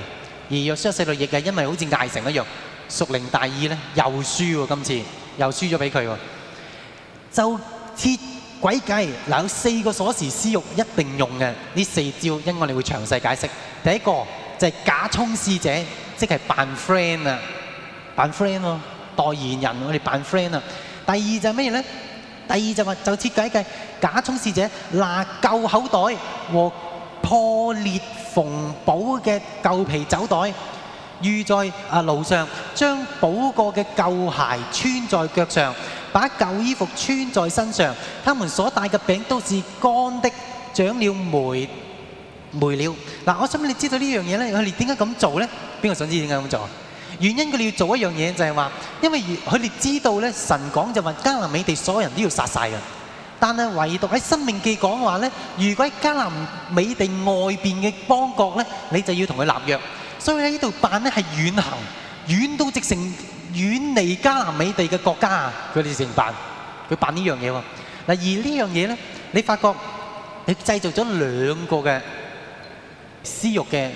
而約書亞世代亦係因為好似艾城一樣，屬靈大意咧又輸喎。今次又輸咗俾佢喎。就設詭計嗱，有四個鎖匙，私欲一定用嘅呢四招，因我哋會詳細解釋。第一個就係假充侍者，即係扮 friend 啊，扮 friend 咯，代言人我哋扮 friend 啊。第二就係咩嘢咧？第二就話就設詭計，假充侍者拿舊口袋和。破裂縫補嘅舊皮酒袋，遇在啊路上，將補過嘅舊鞋穿在腳上，把舊衣服穿在身上。他們所帶嘅餅都是乾的，長了霉，霉了。嗱，我想問你知道呢樣嘢咧，佢哋點解咁做咧？邊個想知點解咁做啊？原因佢哋要做一樣嘢，就係話，因為佢哋知道咧，神講就話迦南美地所有人都要殺晒噶。但係唯獨喺《申命記》講話咧，如果喺加南美地外邊嘅邦國咧，你就要同佢立約。所以喺呢度辦咧係遠行，遠到直成遠離加南美地嘅國家啊！佢哋成辦，佢辦呢樣嘢喎。嗱，而這件事呢樣嘢咧，你發覺你製造咗兩個嘅私慾嘅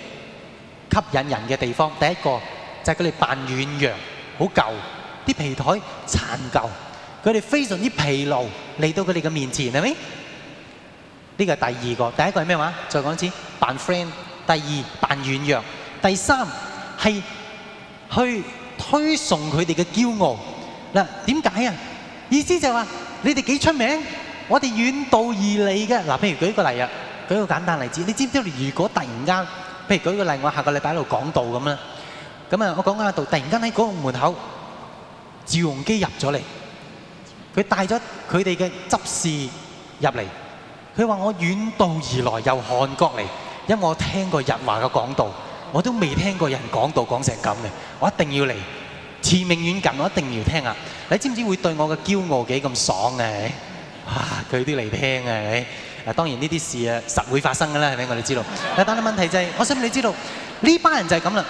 吸引人嘅地方。第一個就係佢哋扮遠遊，好舊啲皮台殘舊。佢哋非常之疲勞嚟到佢哋嘅面前，係咪？呢個係第二個，第一個係咩話？再講一次，扮 friend；第二，扮軟弱；第三係去推崇佢哋嘅驕傲。嗱，點解啊？意思就係話你哋幾出名，我哋遠道而嚟嘅。嗱，譬如舉個例啊，舉個簡單例子，你知唔知？你如果突然間，譬如舉個例，我下個禮拜喺度講道咁啦，咁啊，我講緊喺度，突然間喺嗰個門口趙鏞基入咗嚟。佢帶咗佢哋嘅執事入嚟，佢話：我遠道而來由韓國嚟，因為我聽過日華嘅講道，我都未聽過有人講道講成咁嘅，我一定要嚟馳名遠近，我一定要聽啊！你知唔知會對我嘅驕傲幾咁爽嘅？哇、啊！佢都嚟聽嘅，係咪？當然呢啲事啊，實會發生㗎啦，係咪？我哋知道。但係問題就係、是，我想你知道呢班人就係咁啦。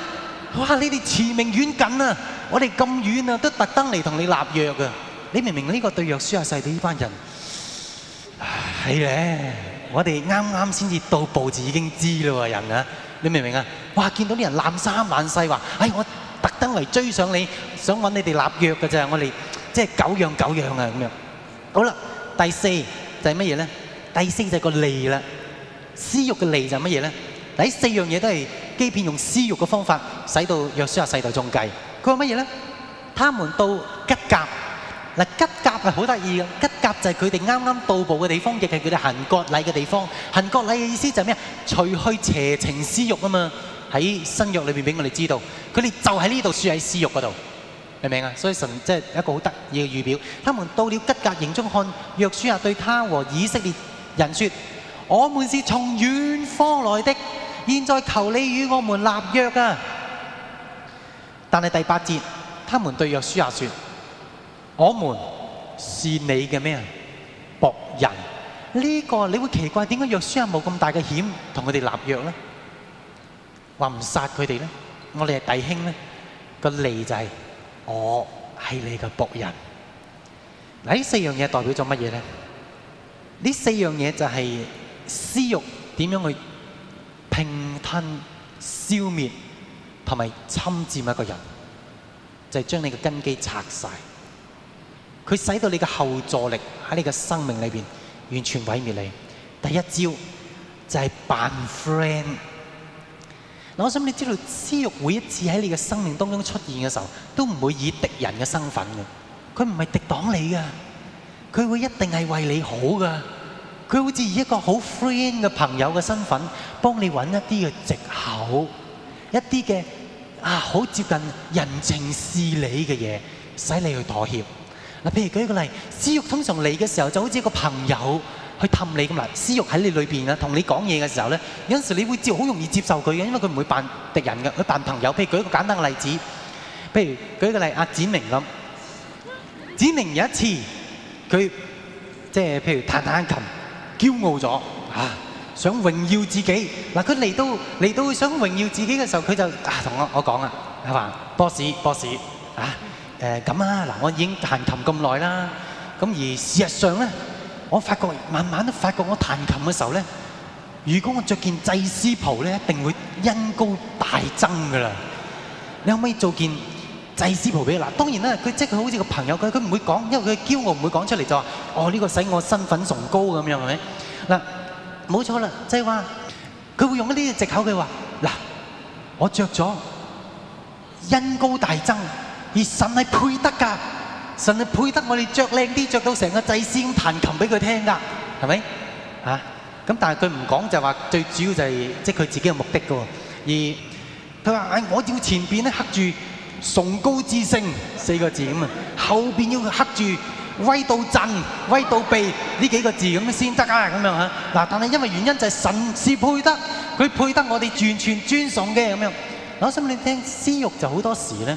哇！你哋馳名遠近啊，我哋咁遠啊，都特登嚟同你立約㗎。你明唔明呢個對約書亞世代呢班人係咧？我哋啱啱先至到步就已經知啦喎，人啊！你明唔明啊？哇！見到啲人攬三攬四話：哎，我特登嚟追上你，想揾你哋立約嘅咋。我哋即係久仰久仰啊！咁樣好啦。第四就係乜嘢咧？第四就係個利啦。私慾嘅利就係乜嘢咧？第四樣嘢都係基遍用私慾嘅方法，使到約書亞世代中計。佢話乜嘢咧？他們到吉甲。嗱，吉甲係好得意嘅，吉甲就係佢哋啱啱到步嘅地方，亦係佢哋行割禮嘅地方。行割禮嘅意思就係咩啊？除去邪情私慾啊嘛，喺新約裏面俾我哋知道，佢哋就喺呢度輸喺私慾嗰度，明唔明啊？所以神即係一個好得意嘅預表。他們到了吉甲營中看約書亞對他和以色列人説：我們是從遠方來的，現在求你與我們立約啊！但係第八節，他們對約書亞説。我們是你嘅咩僕人呢，呢個你會奇怪點解約書亞沒有冇咁大嘅險同佢哋立約呢？話唔殺佢哋呢？我哋係弟兄呢？個利就係我係你嘅僕人。嗱，呢四樣嘢代表咗乜嘢呢？呢四樣嘢就係私欲點樣去平吞、消滅同埋侵占一個人，就係將你嘅根基拆晒。佢使到你嘅後助力喺你嘅生命裏面完全毀滅你。第一招就係扮 friend。我想你知道私慾每一次喺你嘅生命當中出現嘅時候，都唔會以敵人嘅身份嘅，佢唔係敵擋你㗎，佢會一定係為你好㗎。佢好似以一個好 friend 嘅朋友嘅身份幫你揾一啲嘅藉口，一啲嘅啊好接近人情事理嘅嘢，使你去妥協。嗱，譬如舉一個例，私慾通常嚟嘅時候就好似一個朋友去氹你咁啦。私慾喺你裏邊啊，同你講嘢嘅時候咧，有時你會接好容易接受佢嘅，因為佢唔會扮敵人嘅，佢扮朋友。譬如舉一個簡單嘅例子，譬如舉一個例，阿展明咁，展明有一次佢即係譬如彈彈琴，驕傲咗啊，想榮耀自己。嗱，佢嚟到嚟到想榮耀自己嘅時候，佢就啊，同我我講啊，係嘛，boss boss，啊！誒咁啊！嗱，我已經彈琴咁耐啦。咁而事實上咧，我發覺慢慢都發覺，我彈琴嘅時候咧，如果我著件祭司袍咧，一定會恩膏大增㗎喇。你可唔可以做件祭司袍俾我？嗱，當然啦，佢即係佢好似個朋友，佢佢唔會講，因為佢驕傲，唔會講出嚟就話：哦，呢個使我身份崇高咁樣，係咪？嗱，冇錯啦，即係話佢會用一啲嘅藉口，佢話：嗱，我著咗，恩膏大增。而神係配得噶，神係配得我哋着靚啲，着到成個祭司咁彈琴俾佢聽噶，係咪？嚇、啊、咁但係佢唔講就話，最主要就係即係佢自己嘅目的噶。而佢話：唉、哎，我要前邊咧刻住崇高之聲四個字咁啊，後邊要佢刻住威到震、威到避呢幾個字咁先得啊。咁樣嚇嗱、啊，但係因為原因就係神是配得，佢配得我哋完全尊崇嘅咁樣。諗深你聽，私慾就好多時咧。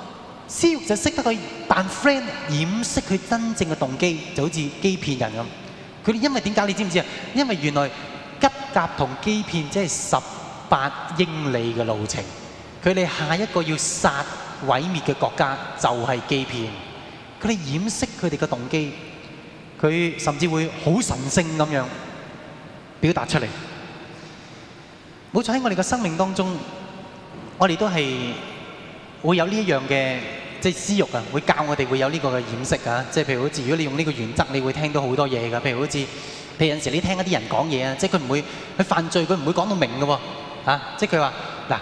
獅就識得佢扮 friend，掩飾佢真正嘅動機，就好似欺騙人咁。佢哋因為點解你知唔知啊？因為原來吉甲同基遍即係十八英里嘅路程。佢哋下一個要殺毀滅嘅國家就係基遍。佢哋掩飾佢哋嘅動機，佢甚至會好神聖咁樣表達出嚟。冇錯，喺我哋嘅生命當中，我哋都係會有呢一樣嘅。即係私慾啊，會教我哋會有呢個嘅掩飾啊。即係譬如好似，如果你用呢個原則，你會聽到好多嘢噶。譬如好似，譬如有陣時你聽一啲人講嘢啊，即係佢唔會佢犯罪，佢唔會講到明嘅喎嚇。即係佢話嗱，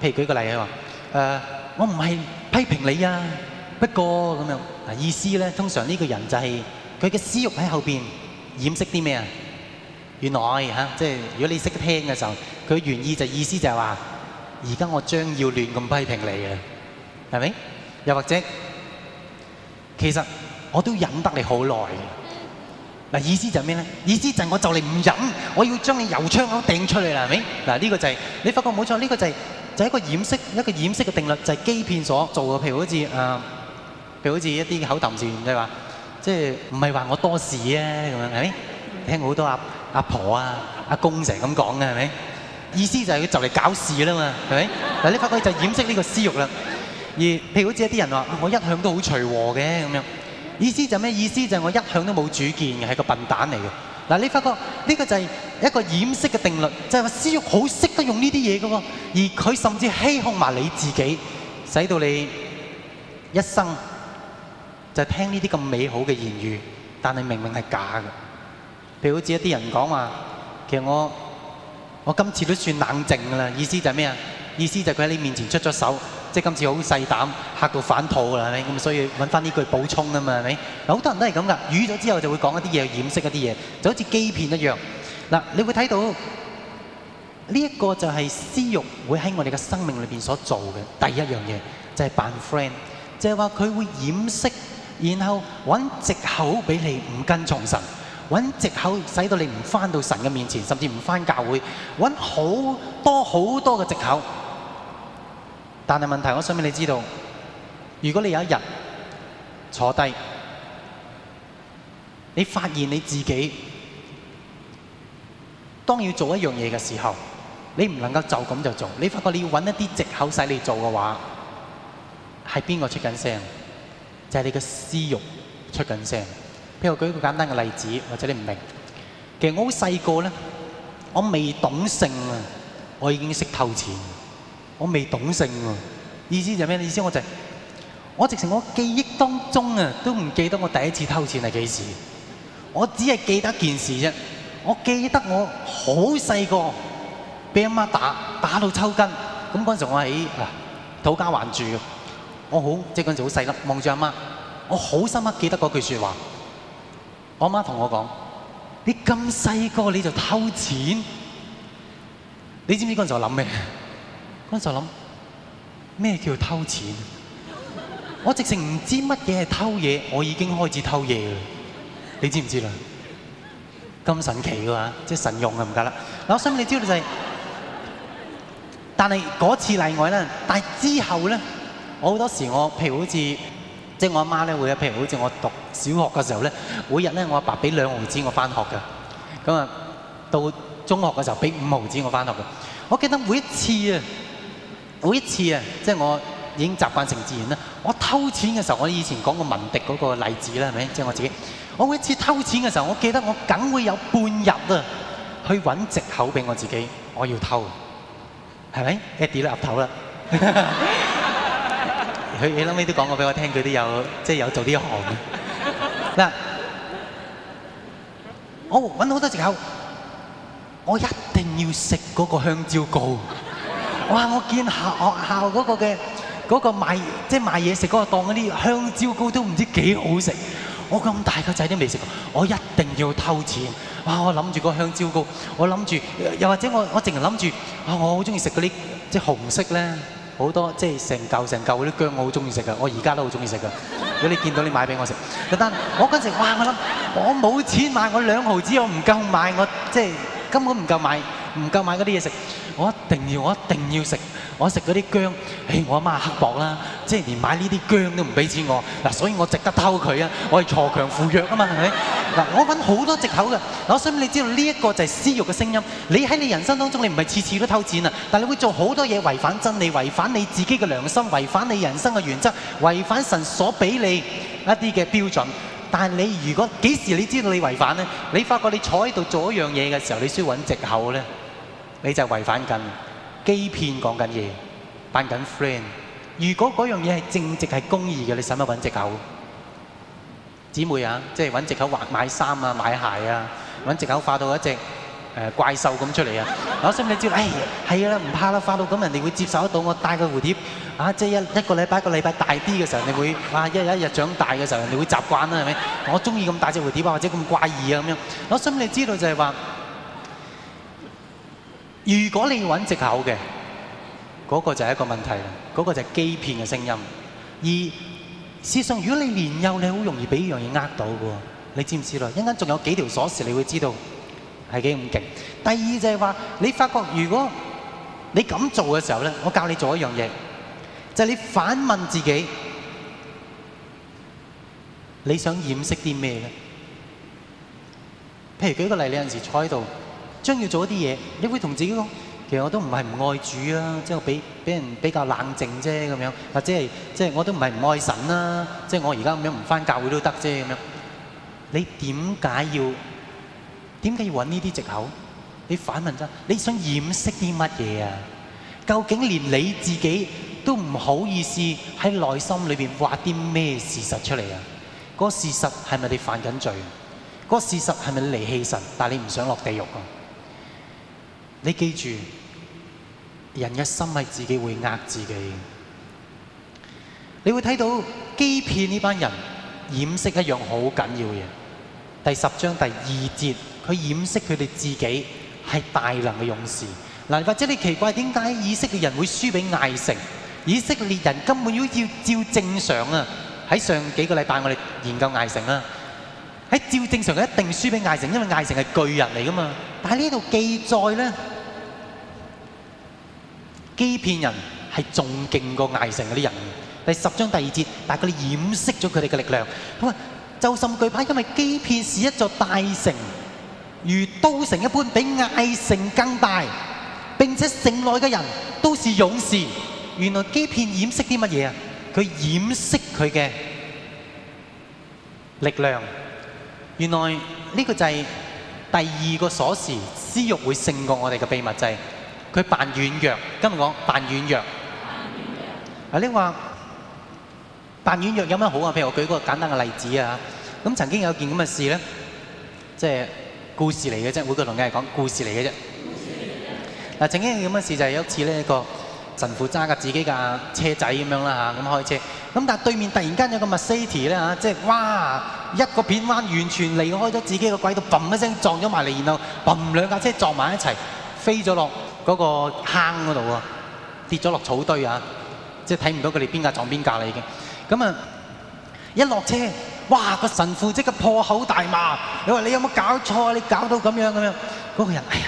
譬如舉個例，佢話誒，我唔係批評你啊，不過咁樣啊意思咧，通常呢個人就係佢嘅私慾喺後邊掩飾啲咩啊？原來嚇，即係如果你識聽嘅時候，佢嘅原意就意思就係話，而家我將要亂咁批評你嘅，係咪？又或者，其實我都忍得你好耐嘅。嗱，意思就係咩咧？意思就係我就嚟唔忍，我要將你由窗口掟出嚟啦，係咪？嗱，呢個就係你發覺冇錯，呢個就係就係一個掩飾、一個掩飾嘅定律，就係欺騙所做嘅。譬如好似誒，譬如好似一啲口頭禪，即係話，即係唔係話我多事啊？咁樣係咪？聽好多阿阿婆啊、阿公成咁講嘅係咪？意思就係佢就嚟搞事啦嘛，係咪？嗱，你發覺就掩飾呢個私慾啦。譬如好似一啲人話，我一向都好隨和嘅咁樣，意思就咩，意思就係我一向都冇主見嘅，係個笨蛋嚟嘅。嗱，你發覺呢個就係一個掩飾嘅定律，就係話私慾好識得用呢啲嘢嘅喎。而佢甚至欺哄埋你自己，使到你一生就聽呢啲咁美好嘅言語，但係明明係假嘅。譬如好似一啲人講話，其實我我今次都算冷靜嘅啦。意思就係咩啊？意思就係佢喺你面前出咗手。即係今次好細膽，嚇到反肚啦，係咪？咁所以揾翻呢句補充啊嘛，係咪？嗱，好多人都係咁噶，語咗之後就會講一啲嘢掩飾一啲嘢，就好似欺騙一樣。嗱，你會睇到呢一個就係私慾會喺我哋嘅生命裏邊所做嘅第一樣嘢，就係扮 friend，就係話佢會掩飾，然後揾藉口俾你唔跟從神，揾藉口使到你唔翻到神嘅面前，甚至唔翻教會，揾好多好多嘅藉口。但係問題，我想俾你知道，如果你有一日坐低，你發現你自己當要做一樣嘢嘅時候，你唔能夠就咁就做，你發覺你要揾一啲藉口使你做嘅話，係邊個出緊聲？就係你嘅私慾出緊聲。譬如舉一個簡單嘅例子，或者你唔明。其實我好細個咧，我未懂性啊，我已經識偷錢。我未懂性喎、啊，意思就咩？意思我就係，我直情我記憶當中啊，都唔記得我第一次偷錢係幾時。我只係記得一件事啫，我記得我好細個，俾阿媽打，打到抽筋。咁嗰陣時我喺土瓜灣住，我好即係嗰陣時好細粒，望住阿媽，我好深刻記得嗰句說話。我阿媽同我講：你咁細個你就偷錢？你知唔知嗰陣時我諗咩？我就諗咩叫偷錢？我直情唔知乜嘢係偷嘢，我已經開始偷嘢啦！你知唔知啦？咁神奇嘅話，即係神用啊，唔得啦！嗱，我想你知道就係，但係嗰次例外啦。但係之後咧，我好多時我譬如好似即係我阿媽咧會啊，譬如好似、就是、我，我讀小學嘅時候咧，每日咧我阿爸俾兩毫子我翻學嘅，咁啊到中學嘅時候俾五毫子我翻學嘅。我記得每一次啊～每一次啊，即係我已經習慣成自然啦。我偷錢嘅時候，我以前講過文迪嗰個例子啦，係咪？即係我自己。我每一次偷錢嘅時候，我記得我梗會有半日啊，去揾藉口俾我自己，我要偷，係咪？Eddy 都岌頭啦。佢佢後尾都講過俾我聽，佢都有即係有做啲行嘅。嗱，我揾好多藉口，我一定要食嗰個香蕉糕。哇！我見校學校嗰個嘅嗰個賣即係賣嘢食嗰個檔嗰啲香蕉糕都唔知幾好食。我咁大個仔都未食過，我一定要偷錢。哇！我諗住個香蕉糕，我諗住又或者我我淨係諗住啊！我好中意食嗰啲即係紅色咧，好多即係成嚿成嚿嗰啲薑我好中意食噶，我而家都好中意食噶。 如果你見到你買俾我食，但係我嗰陣時哇！我諗我冇錢買，我兩毫子我唔夠買，我即係根本唔夠買，唔夠買嗰啲嘢食。我一定要，我一定要食。我食嗰啲姜，誒，我阿媽刻薄啦，即係連買呢啲姜都唔俾錢我嗱，所以我值得偷佢啊！我係鋤強扶弱啊嘛，係咪？嗱，我揾好多借口嘅。我想你知道呢一個就係私慾嘅聲音。你喺你人生當中，你唔係次次都偷錢啊，但係你會做好多嘢違反真理、違反你自己嘅良心、違反你人生嘅原則，違反神所俾你一啲嘅標準，但係你如果幾時你知道你違反咧？你發覺你坐喺度做一樣嘢嘅時候，你需要揾借口咧。你就係違反緊，欺騙講緊嘢，扮緊 friend。如果嗰樣嘢係正直係公義嘅，你使乜揾隻狗？姊妹啊，即係揾隻狗買買衫啊，買鞋啊，揾隻狗化到一隻誒、呃、怪獸咁出嚟啊！我心你知道，哎係啦，唔怕啦，化到咁人哋會接受得到。我戴個蝴蝶啊，即係一一個禮拜一個禮拜大啲嘅時候，你會哇、啊！一日一日長大嘅時候，人哋會習慣啦、啊，係咪？我中意咁大隻蝴蝶啊，或者咁怪異啊咁樣。我心你知道就係話。如果你揾藉口嘅，嗰個就係一個問題啦。嗰個就係欺騙嘅聲音。而事實上，如果你年幼，你好容易俾一樣嘢呃到嘅。你知唔知啦？一陣間仲有幾條鎖匙，你會知道係幾咁勁。第二就係話，你發覺如果你咁做嘅時候呢，我教你做一樣嘢，就係你反問自己，你想掩飾啲咩咧？譬如舉個例，你有陣時坐喺度。將要做一啲嘢，你會同自己講：其實我都唔係唔愛主啊，即係比比人比較冷靜啫咁樣，或者係即係我都唔係唔愛神啦，即係我而家咁樣唔翻教會都得啫咁樣。你點解要點解要揾呢啲藉口？你反問真你想掩飾啲乜嘢啊？究竟連你自己都唔好意思喺內心裏邊挖啲咩事實出嚟啊？嗰個事實係咪你犯緊罪？嗰個事實係咪你離棄神，但係你唔想落地獄啊？你記住，人嘅心係自己會呃自己。你會睇到欺騙呢班人掩飾一樣好緊要嘅嘢。第十章第二節，佢掩飾佢哋自己係大能嘅勇士。嗱，或者你奇怪點解以色列人會輸俾艾城？以色列人根本要照正常啊，喺上幾個禮拜我哋研究艾城啊。喺照正常嘅一定輸俾艾城，因為艾城係巨人嚟㗎嘛。但係呢度記載咧，基遍人係仲勁過艾城嗰啲人。第十章第二節，但係佢哋掩飾咗佢哋嘅力量。咁啊，就甚懼怕因為基遍是一座大城，如都城一般，比艾城更大。並且城內嘅人都是勇士。原來基遍掩飾啲乜嘢啊？佢掩飾佢嘅力量。原來呢、這個就係第二個鎖匙，私慾會勝過我哋嘅秘密就係佢扮軟弱，今日講扮軟弱。軟弱你話扮軟弱有乜好啊？譬如我舉個簡單嘅例子啊。咁曾經有一件咁嘅事呢，即係故事嚟嘅啫。每個人都係講故事嚟嘅啫。曾經有件事就係有一次咧、這，個。神父揸架自己架車仔咁樣啦吓，咁開車，咁但係對面突然間有個 Mercedes 咧嚇，即係哇一個片彎完全離開咗自己嘅軌道，砰一聲撞咗埋嚟，然後砰兩架車撞埋一齊，飛咗落嗰個坑嗰度啊，跌咗落草堆啊！即係睇唔到佢哋邊架撞邊架啦已經。咁啊一落車，哇個神父即刻破口大罵，你話你有冇搞錯啊？你搞到咁樣咁樣，嗰、那個人哎呀，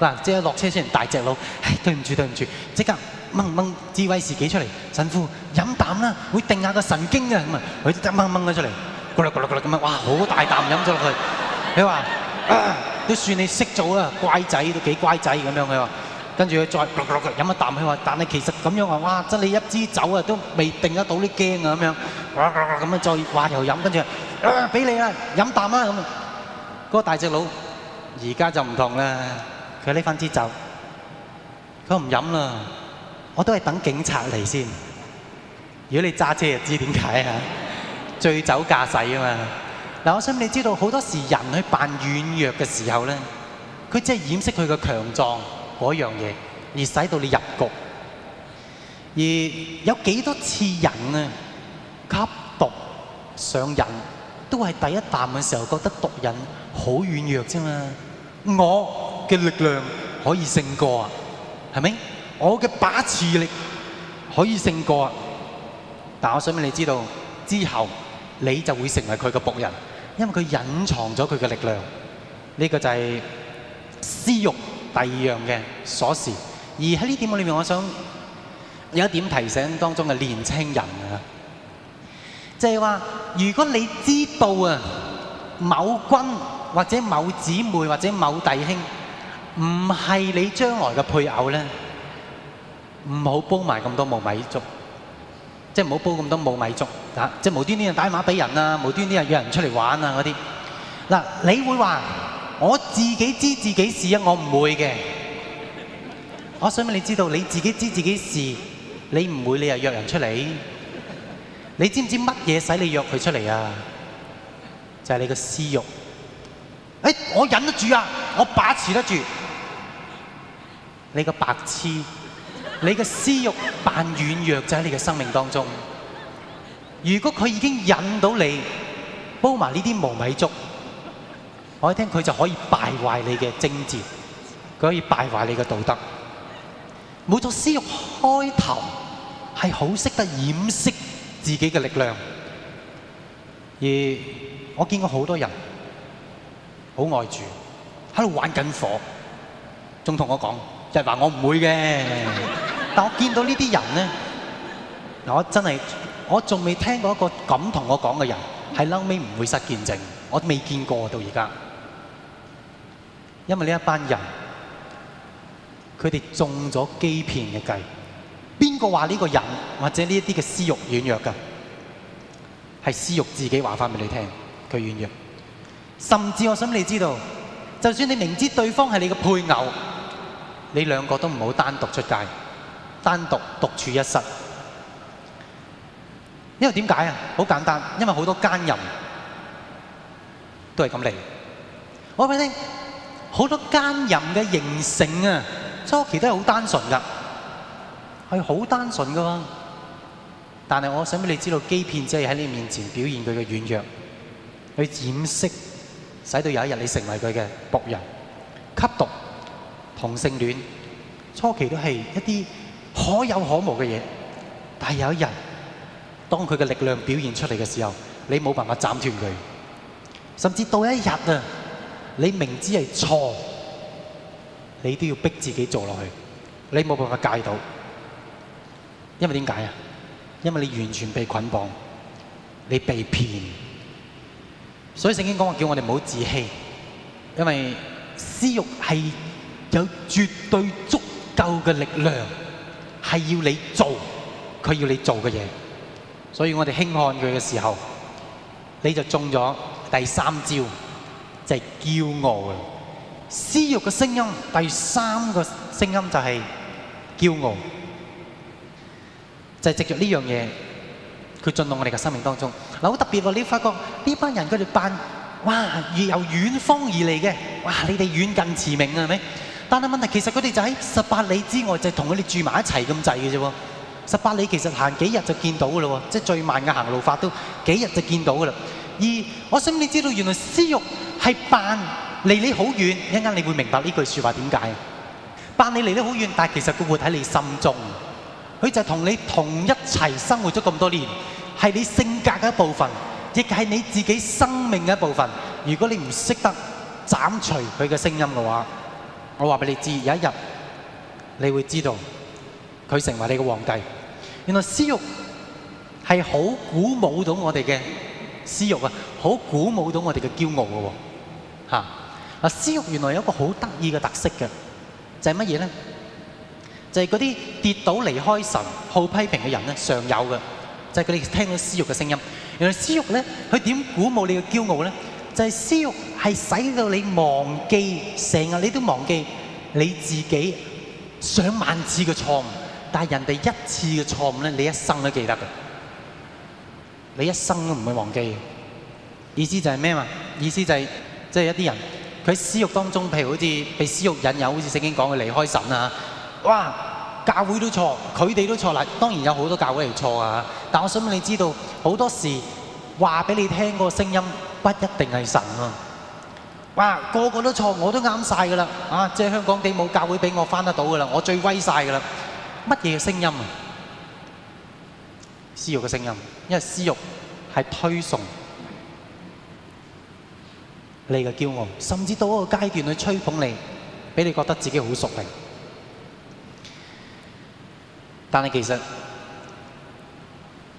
佢話即刻落車先，雖然大隻佬，唉、哎、對唔住對唔住，即刻。掹掹枝威士忌出嚟，神父飲啖啦，會定下個神經嘅咁啊，佢得掹掹咗出嚟，咕嚕咕嚕咕嚕咁啊，哇！好大啖飲咗落去，佢話、啊、都算你識做啦，乖仔都幾乖仔咁樣，佢話跟住佢再咕嚕咕嚕飲一啖，佢話但係其實咁樣啊，哇！真你一支酒啊，都未定得到啲驚啊咁樣，咁、呃、啊、呃呃、再哇、呃、又飲，跟住啊俾你啦，飲啖啦咁啊，嗰、那個大隻佬而家就唔同啦，佢搦翻支酒，佢唔飲啦。我都係等警察嚟先。如果你揸車，就知點解啊？醉酒駕駛啊嘛！嗱，我想你知道好多時人去扮軟弱嘅時候咧，佢即係掩飾佢嘅強壯嗰樣嘢，而使到你入局。而有幾多次人啊，吸毒上癮，都係第一啖嘅時候覺得毒癮好軟弱啫嘛。我嘅力量可以勝過啊，係咪？我嘅把持力可以勝過，但我想畀你知道之後，你就會成為佢嘅僕人，因為佢隱藏咗佢嘅力量。呢個就係私慾第二樣嘅鎖匙。而喺呢點裏面，我想有一點提醒當中嘅年青人啊，就係話如果你知道啊，某君或者某姊妹或者某弟兄唔係你將來嘅配偶咧。唔好煲埋咁多冇米粥，即係唔好煲咁多冇米粥啊！即係無端端又打電話俾人啊，無端端又約人出嚟玩那些啊嗰啲。你會話我自己知自己事啊？我唔會嘅。我想問你知道你自己知自己事，你唔會你又約人出嚟？你知唔知乜嘢使你約佢出嚟啊？就係你個私慾。誒，我忍得住啊，我把持得住。你個白痴！你嘅私慾扮軟弱就喺你嘅生命當中。如果佢已經引到你煲埋呢啲無米粥，我一聽佢就可以敗壞你嘅貞潔，佢可以敗壞你嘅道德。每種私慾，開頭係好識得掩飾自己嘅力量。而我見過好多人好愛住喺度玩緊火，仲同我講。就係話我唔會嘅，但我見到這些呢啲人咧，嗱我真係我仲未聽過一個咁同我講嘅人係後尾唔會失見證，我未見過到而家，因為呢一班人佢哋中咗欺騙嘅計。邊個話呢個人或者呢一啲嘅私慾軟弱㗎？係私慾自己話翻俾你聽，佢軟弱。甚至我想你知道，就算你明知對方係你嘅配偶。你兩個都唔好單獨出街，單獨獨處一室。因為點解啊？好簡單，因為好多奸淫都係咁嚟。我話俾你聽，好多奸淫嘅形成啊，初期都係好單純㗎，係好單純㗎。但係我想俾你知道，欺騙者喺你面前表現佢嘅軟弱，去掩飾，使到有一日你成為佢嘅僕人，吸毒。同性戀初期都係一啲可有可無嘅嘢，但有一日當佢嘅力量表現出嚟嘅時候，你冇辦法斬斷佢，甚至到一日啊，你明知係錯，你都要逼自己做落去，你冇辦法戒到，因為點解啊？因為你完全被捆綁，你被騙，所以聖經講話叫我哋唔好自欺，因為私慾係，有絕對足夠嘅力量，係要你做佢要你做嘅嘢，所以我哋輕看佢嘅時候，你就中咗第三招，就係驕傲啊！私欲嘅聲音，第三個聲音就係驕傲，就係藉著呢樣嘢，佢進到我哋嘅生命當中。嗱，好特別喎！你發覺呢班人佢哋扮，哇！由遠方而嚟嘅，哇！你哋遠近馳名啊，係咪？但係問題是其實佢哋就喺十八里之外，就同佢哋住埋一齊咁滯嘅啫喎。十八里其實行幾日就見到嘅咯喎，即係最慢嘅行路法都幾日就見到嘅啦。而我想你知道原來私慾係扮離你好遠，一陣間你會明白呢句説話點解。扮你離你好遠，但係其實佢活喺你心中，佢就同你同一齊生活咗咁多年，係你性格嘅一部分，亦係你自己生命嘅一部分。如果你唔識得斬除佢嘅聲音嘅話，我話俾你知，有一日你會知道佢成為你嘅皇帝。原來私慾係好鼓舞到我哋嘅私慾啊，好鼓舞到我哋嘅驕傲嘅。吓，啊私慾原來有一個好得意嘅特色嘅，就係乜嘢咧？就係嗰啲跌倒離開神，好批評嘅人咧，常有嘅，就係佢哋聽到私慾嘅聲音。原來私慾咧，佢點鼓舞你嘅驕傲咧？就係私慾係使到你忘記，成日你都忘記你自己上萬次嘅錯誤，但係人哋一次嘅錯誤咧，你一生都記得嘅，你一生都唔會忘記嘅。意思就係咩嘛？意思就係即係一啲人佢喺私慾當中，譬如好似被私慾引誘，好似聖經講嘅離開神啊，哇！教會都錯，佢哋都錯啦。當然有好多教會係錯嘅，但我想問你知道好多時話俾你聽嗰個聲音。不一定係神啊！哇，個個都錯，我都啱晒㗎喇！啊，即係香港地冇教會俾我返得到㗎喇，我最威晒㗎喇！乜嘢嘅聲音啊？私欲嘅聲音，因為私欲係推崇你嘅驕傲，甚至到一個階段去吹捧你，俾你覺得自己好熟力。但係其實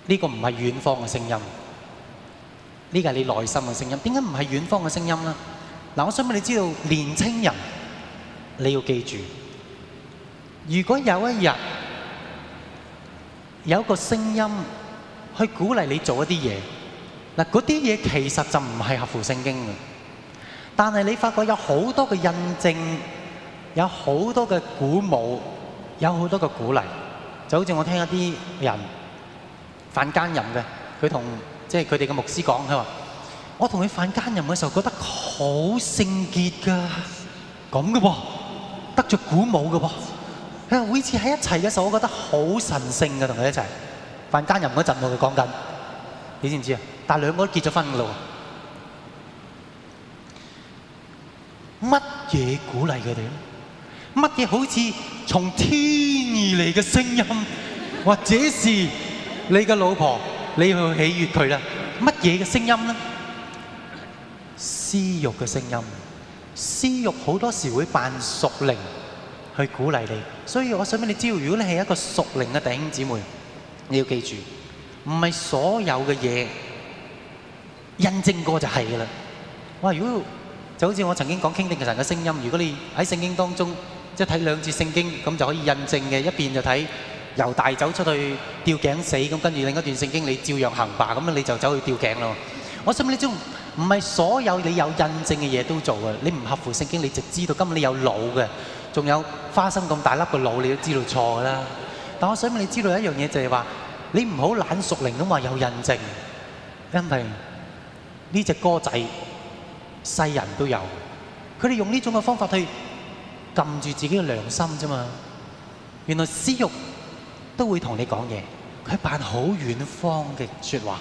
呢個唔係遠方嘅聲音。呢個係你內心嘅聲音，點解唔係遠方嘅聲音咧？嗱，我想問你知道年青人，你要記住。如果有一日有個聲音去鼓勵你做一啲嘢，嗱，嗰啲嘢其實就唔係合乎聖經嘅，但係你發覺有好多嘅印證，有好多嘅鼓舞，有好多嘅鼓勵，就好似我聽一啲人犯奸淫嘅，佢同。即係佢哋嘅牧師講，佢話：我同佢犯姦淫嘅時候，覺得好聖潔㗎，咁嘅噃，得著鼓舞嘅噃。佢話：每次喺一齊嘅時候，我覺得好神聖㗎，同佢一齊犯姦淫嗰陣，我講緊，你知唔知啊？但係兩個都結咗婚嘅咯。乜嘢鼓勵佢哋咧？乜嘢好似從天而嚟嘅聲音，或者是你嘅老婆？你要喜悦佢啦，乜嘢嘅聲音咧？私欲嘅聲音，私欲好多時會扮屬靈去鼓勵你，所以我想俾你知道，如果你係一個屬靈嘅弟兄姊妹，你要記住，唔係所有嘅嘢印證過就係㗎啦。哇！如果就好似我曾經講傾聽神嘅聲音，如果你喺聖經當中即係睇兩次聖經，咁就可以印證嘅，一邊就睇。由大走出去吊頸死，咁跟住另一段聖經你照樣行吧，咁樣你就走去吊頸咯。我想問你，仲唔係所有你有印證嘅嘢都做啊？你唔合乎聖經，你就知道根本今日你有腦嘅。仲有花生咁大粒嘅腦，你都知道錯㗎啦。但我想問你知道有一樣嘢就係話，你唔好懶熟靈咁話有印證，因為呢隻歌仔世人都有，佢哋用呢種嘅方法去撳住自己嘅良心啫嘛。原來私慾。都會同你講嘢，佢扮好遠方嘅説話，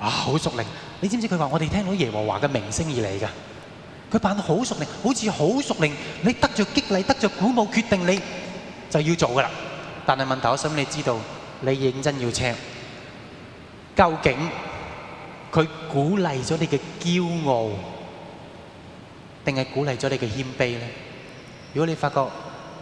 啊好熟練，你知唔知佢話我哋聽到耶和華嘅名聲而嚟㗎？佢扮好熟練，好似好熟練，你得著激勵，得著鼓舞，決定你就要做噶啦。但係問題，我想你知道，你認真要 check，究竟佢鼓勵咗你嘅驕傲，定係鼓勵咗你嘅謙卑咧？如果你發覺，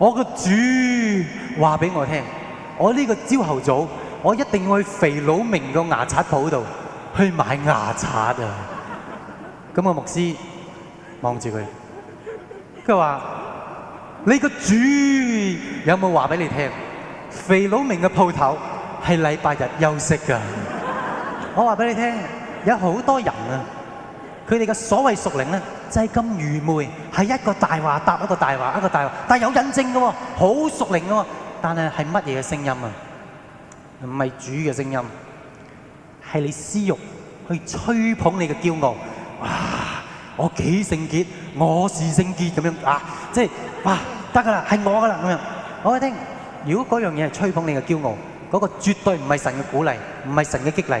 我個主話畀我聽，我呢個朝頭早，我一定要去肥佬明個牙刷鋪度去買牙刷啊！咁、個牧師望住佢，佢話：你個主有冇話畀你聽？肥佬明嘅鋪頭係禮拜日休息㗎。我話畀你聽，有好多人啊！佢哋嘅所謂屬靈咧，就係咁愚昧，係一個大話搭一個大話，一個大話，但係有印證嘅喎，好屬靈嘅喎，但係係乜嘢嘅聲音啊？唔係主嘅聲音，係你私慾去吹捧你嘅驕傲。哇！我幾聖潔，我是聖潔咁樣啊，即係哇，得㗎喇，係我㗎喇咁樣。我哋聽，如果嗰樣嘢係吹捧你嘅驕傲，嗰個絕對唔係神嘅鼓勵，唔係神嘅激勵。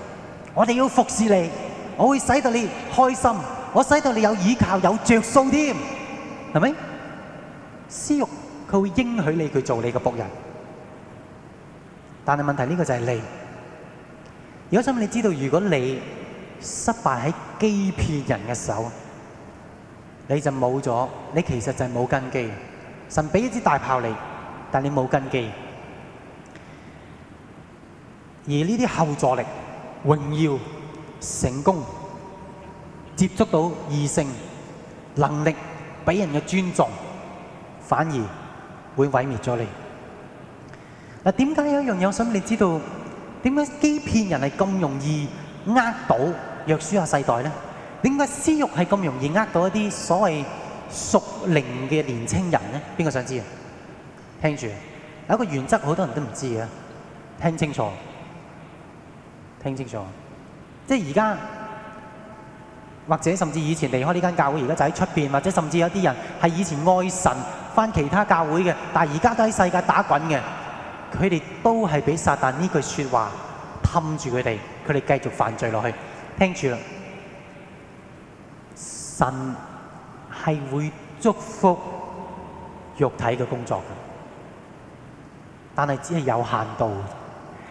我哋要服侍你，我會使到你開心，我使到你有依靠有着數添，係咪？私慾佢會應許你去做你嘅僕人，但係問題呢個就係你。如果想你知道，如果你失敗喺欺騙人嘅手，你就冇咗，你其實就冇根基。神俾一支大炮你，但你冇根基，而呢啲後座力。榮耀、成功、接觸到異性、能力、俾人嘅尊重，反而會毀滅咗你。嗱，點解有一樣嘢你知道？點解欺騙人係咁容易呃到約書亞世代咧？點解私慾係咁容易呃到一啲所謂熟齡嘅年青人咧？邊個想知啊？聽住，有一個原則，好多人都唔知嘅，聽清楚。聽清楚，即係而家，或者甚至以前離開呢間教會，而家就喺出邊，或者甚至有啲人係以前愛神，返其他教會嘅，但係而家都喺世界打滾嘅，佢哋都係俾撒旦呢句説話氹住佢哋，佢哋繼續犯罪落去。聽住啦，神係會祝福肉體嘅工作嘅，但係只係有限度。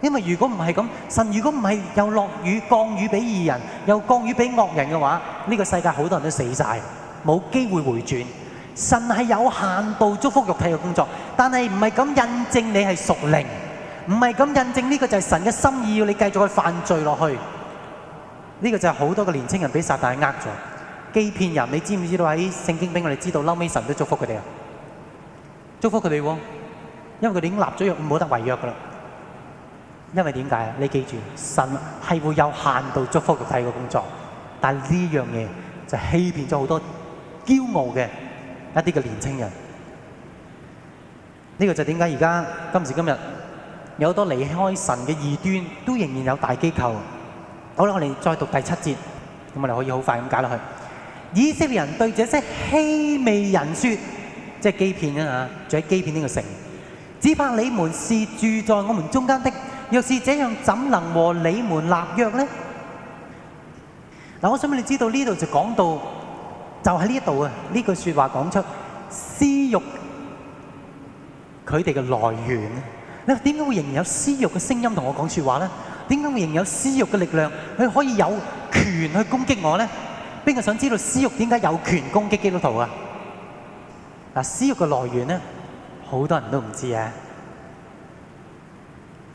因為如果唔係咁，神如果唔係又落雨降雨俾義人，又降雨俾惡人嘅話，呢個世界好多人都死晒，冇機會回轉。神係有限度祝福肉體嘅工作，但係唔係咁印證你係屬靈，唔係咁印證呢個就係神嘅心意，要你繼續去犯罪落去，呢個就係好多嘅年輕人俾撒但呃咗，欺騙人。你知唔知道喺聖經俾我哋知道，後尾神都祝福佢哋啊？祝福佢哋，因為佢哋已經立咗約，唔好得違約噶啦。因為點解啊？你記住，神係會有限度祝福肉體嘅工作，但呢樣嘢就欺騙咗好多驕傲嘅一啲嘅年青人。呢個就點解而家今時今日有好多離開神嘅異端，都仍然有大機構。好啦，我哋再讀第七節，咁我哋可以好快咁解落去。以色列人對這些希未人說，即係基遍啊吓，仲喺，基遍呢個城，只怕你們是住在我們中間的。若是這樣，怎能和你們立約呢？嗱，我想俾你知道，呢度就講到，就喺呢度啊！呢句説話講出，私慾佢哋嘅來源。你話點解會仍然有私慾嘅聲音同我講説話咧？點解會仍然有私慾嘅力量，佢可以有權去攻擊我咧？邊個想知道私慾點解有權攻擊基督徒啊？嗱，私慾嘅來源咧，好多人都唔知啊。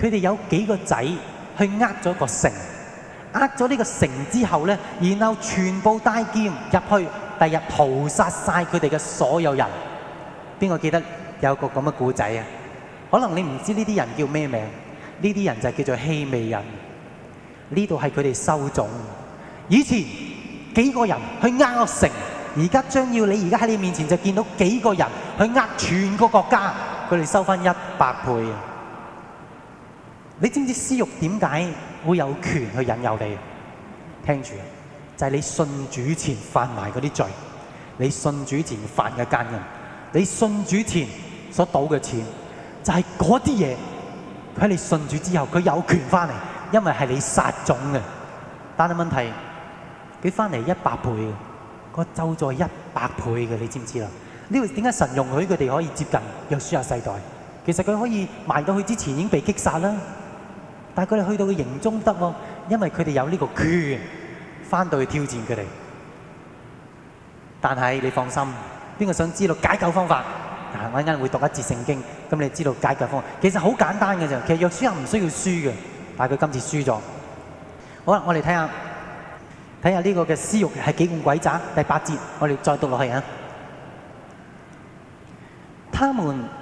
佢哋有幾個仔去呃咗個城，呃咗呢個城之後咧，然後全部帶劍入去，第日屠殺晒佢哋嘅所有人。邊個記得有個咁嘅古仔啊？可能你唔知呢啲人叫咩名，呢啲人就叫做欺昧人。呢度係佢哋收種。以前幾個人去呃個城，而家將要你而家喺你面前就見到幾個人去呃全個國家，佢哋收翻一百倍。你知唔知私慾點解會有權去引誘你？聽住，就係、是、你信主前犯埋嗰啲罪，你信主前犯嘅奸淫，你信主前所賭嘅錢，就係嗰啲嘢喺你信主之後，佢有權返嚟，因為係你殺種嘅。但係問題，佢返嚟一百倍，個咒在一百倍嘅，你知唔知啦？呢個點解神容許佢哋可以接近約書亞世代？其實佢可以埋到去之前已經被擊殺啦。但佢哋去到營中得喎，因為佢哋有呢個權，返到去挑戰佢哋。但係你放心，邊個想知道解救方法？嗱，我一陣會讀一節聖經，咁你知道解救方法。其實好簡單嘅啫，其實約書亞唔需要輸嘅，但係佢今次輸咗。好啦，我哋睇下，睇下呢個嘅私慾係幾咁鬼渣。第八節，我哋再讀落去啊。他們。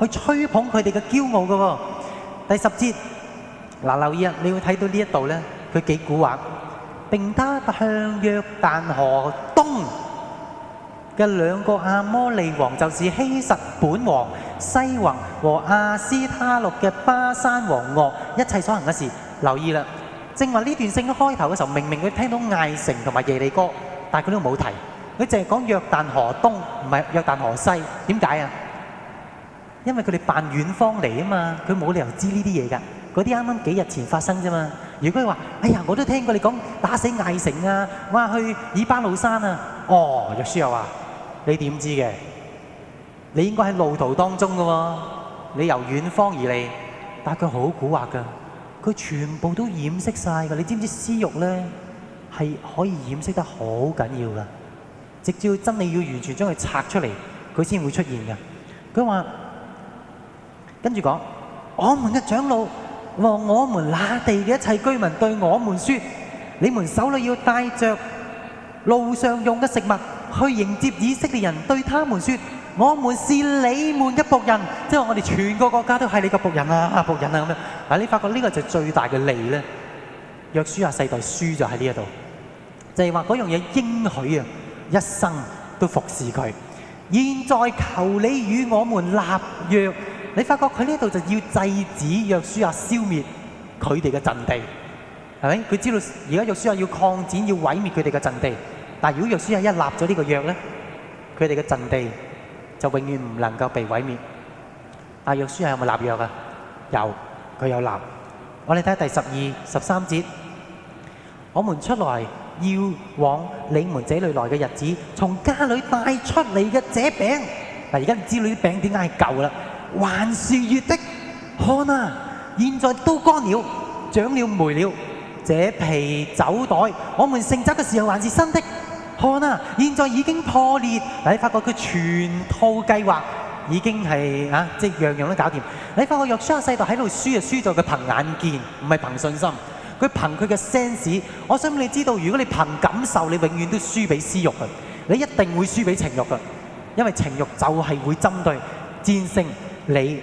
去吹捧佢哋嘅驕傲嘅喎。第十節嗱，留意啊，你會睇到呢一度咧，佢幾古惑。並他向約但河東嘅兩個亞摩利王，就是希實本王西王和亞斯他錄嘅巴山王惡一切所行嘅事。留意啦，正話呢段聖經開頭嘅時候，明明佢聽到艾城同埋耶利哥，但係佢都冇提，佢淨係講約但河東，唔係約但河西，點解啊？因為佢哋扮遠方嚟啊嘛，佢冇理由知呢啲嘢噶。嗰啲啱啱幾日前發生啫嘛。如果佢話：哎呀，我都聽過你講打死艾城啊，話去以巴路山啊。哦，若書又話：你點知嘅？你應該喺路途當中噶喎。你由遠方而嚟，但佢好蠱惑噶。佢全部都掩飾晒噶。你知唔知道私慾咧係可以掩飾得好緊要噶？直至真係要完全將佢拆出嚟，佢先會出現噶。佢話。跟住講，我們嘅長老和我們那地嘅一切居民對我們説：你們手裏要帶着路上用嘅食物去迎接以色列人，對他們説：我們是你們嘅僕人，即係我哋全個國家都係你嘅僕人啊，僕人啊咁樣。嗱，你發覺呢個就係最大嘅利咧。約書亞世代輸咗喺呢一度，就係話嗰樣嘢應許啊，一生都服侍佢。現在求你與我們立約。你發覺佢呢度就要制止約書亞消滅佢哋嘅陣地，係咪？佢知道而家約書亞要擴展，要毀滅佢哋嘅陣地。但如果約書亞一立咗呢個約呢，佢哋嘅陣地就永遠唔能夠被毀滅。但係約書亞有冇立約啊？有，佢有立。我哋睇下第十二、十三節，我們出來要往你們這裏來嘅日子，從家裏帶出來嘅這餅。但而家你知道啲餅點解係舊了？還是熱的，看啊！現在都乾了，長了霉了。這皮酒袋，我們盛酒嘅時候還是新的，看啊！現在已經破裂。你發覺佢全套計劃已經係啊，即係樣樣都搞掂。你發覺若將世代喺度輸就輸在佢憑眼見，唔係憑信心。佢憑佢嘅 sense。我想你知道，如果你憑感受，你永遠都輸俾私慾嘅，你一定會輸俾情慾嘅，因為情慾就係會針對戰勝。你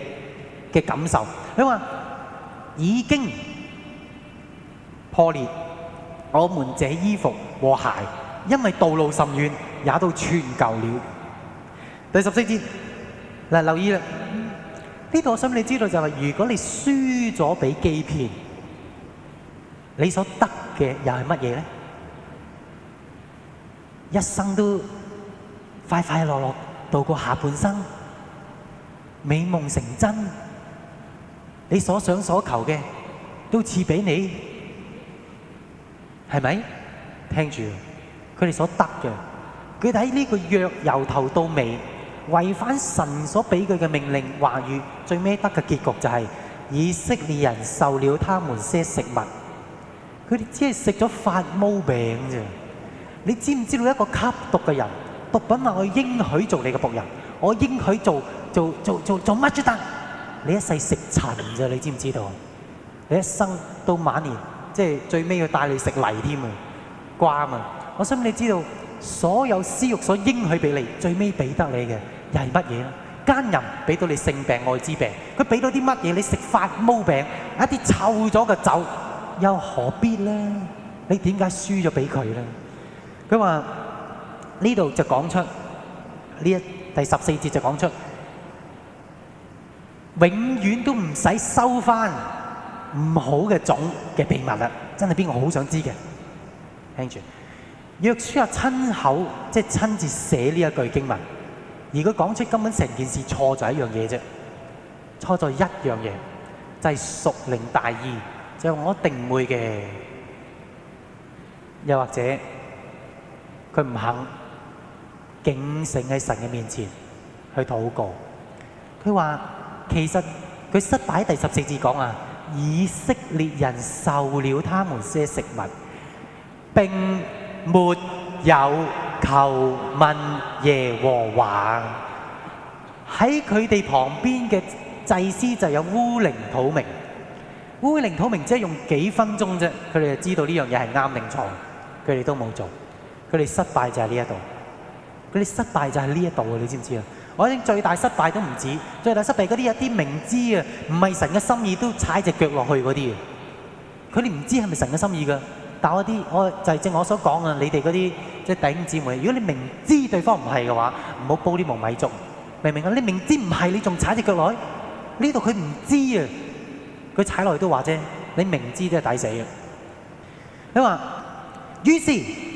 嘅感受，你話已經破裂，我們這衣服和鞋，因為道路甚遠，也都穿舊了。第十四節，嗱，留意啦，呢度，嗯，我想你知道就係如果你輸咗畀欺騙，你所得嘅又係乜嘢呢？一生都快快樂樂度過下半生。美夢成真，你所想所求嘅都賜俾你，係咪？聽住佢哋所得嘅，佢睇呢個約由頭到尾違反神所俾佢嘅命令話語，最尾得嘅結局就係以色列人受了他們些食物，佢哋只係食咗發毛餅。你知唔知道一個吸毒嘅人，毒品我應許做你嘅僕人，我應許做。做做做做乜啫？你一世食塵咋？你知唔知道？你一生到晚年，即係最尾要帶你食泥添啊，瓜啊！我想你知道，所有私欲所應許俾你，最尾俾得你嘅又係乜嘢咧？奸淫俾到你性病、愛滋病，佢俾到啲乜嘢？你食發毛病，一啲臭咗嘅酒，又何必咧？你點解輸咗俾佢咧？佢話呢度就講出呢一第十四節就講出。永遠都唔使收翻唔好嘅種嘅秘密啦！真係邊個好想知嘅？聽住，約書亞親口即係、就是、親自寫呢一句經文，而佢講出根本成件事錯咗一樣嘢啫，錯咗一樣嘢就係屬靈大意，就話、是就是、我一定唔會嘅。又或者佢唔肯警醒喺神嘅面前去禱告，佢話。其實佢失敗喺第十四節講啊，以色列人受了他們些食物，並沒有求問耶和華。喺佢哋旁邊嘅祭司就有烏陵土明，烏陵土明只係用幾分鐘啫，佢哋就知道呢樣嘢係啱定錯，佢哋都冇做，佢哋失敗就喺呢一度，佢哋失敗就喺呢一度啊！你知唔知啊？我啲最大失敗都唔止，最大失敗嗰啲有啲明知啊，唔係神嘅心意都踩隻腳落去嗰啲啊！佢哋唔知係咪神嘅心意㗎，但我啲就係、是、正我所講啊！你哋嗰啲即係弟兄姊妹，如果你明知對方唔係嘅話，唔好煲啲無米粥，明唔明啊？你明知唔係你仲踩隻腳落去，呢度佢唔知啊！佢踩落去都話啫，你明知真係抵死啊！你話於是。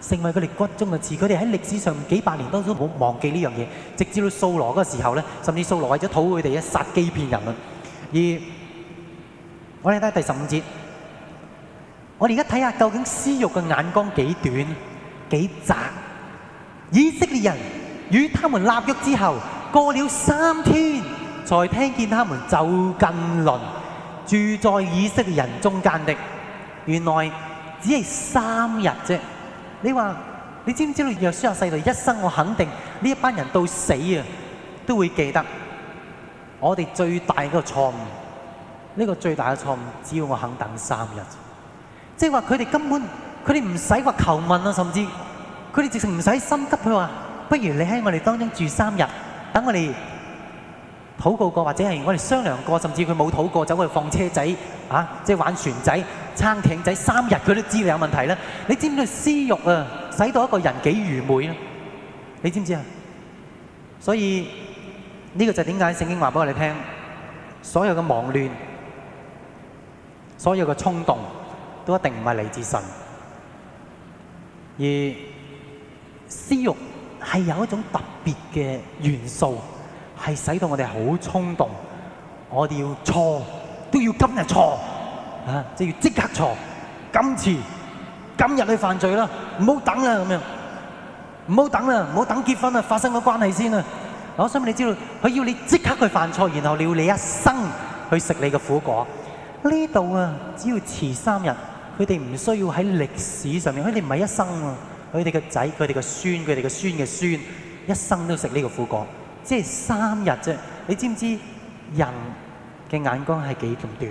成為佢哋骨中的刺，佢哋喺歷史上幾百年都都冇忘記呢樣嘢，直至到掃羅嗰時候，甚至掃羅為咗討佢哋一殺幾片人啊！而我哋睇第十五節，我哋而家睇下究竟私慾嘅眼光幾短幾窄？以色列人與他們立約之後，過了三天，才聽見他們走近鄰，住在以色列人中間的，原來只係三日啫。你話你知唔知道世代？若然有細路一生，我肯定呢一班人到死啊都會記得我哋最大嘅錯誤。呢、呢個最大嘅錯誤，只要我肯等三日，即係話佢哋根本佢哋唔使話求問啊，甚至佢哋直情唔使心急。佢話：不如你喺我哋當中住三日，等我哋禱告過，或者係我哋商量過，甚至佢冇禱過，走去放車仔啊，即係玩船仔。餐艇仔三日，佢都知道有問題啦。你知唔知道私欲啊，使到一個人幾愚昧啊？你知唔知啊？所以呢、這個就係點解聖經話俾我哋聽，所有嘅忙亂、所有嘅衝動，都一定唔係嚟自神。而私欲係有一種特別嘅元素，係使到我哋好衝動，我哋要錯都要今日錯。啊！即要即刻做，今次今日去犯罪啦，唔好等啦咁樣，唔好等啦，唔好等結婚啦，發生個關係先啦。我想畀你知道，佢要你即刻去犯錯，然後你要你一生去食你嘅苦果。呢度啊，只要遲三日，佢哋唔需要喺歷史上面，佢哋唔係一生啊，佢哋嘅仔、佢哋嘅孫、佢哋嘅孫嘅孫，一生都食呢個苦果。即係三日啫，你知唔知人嘅眼光係幾咁短？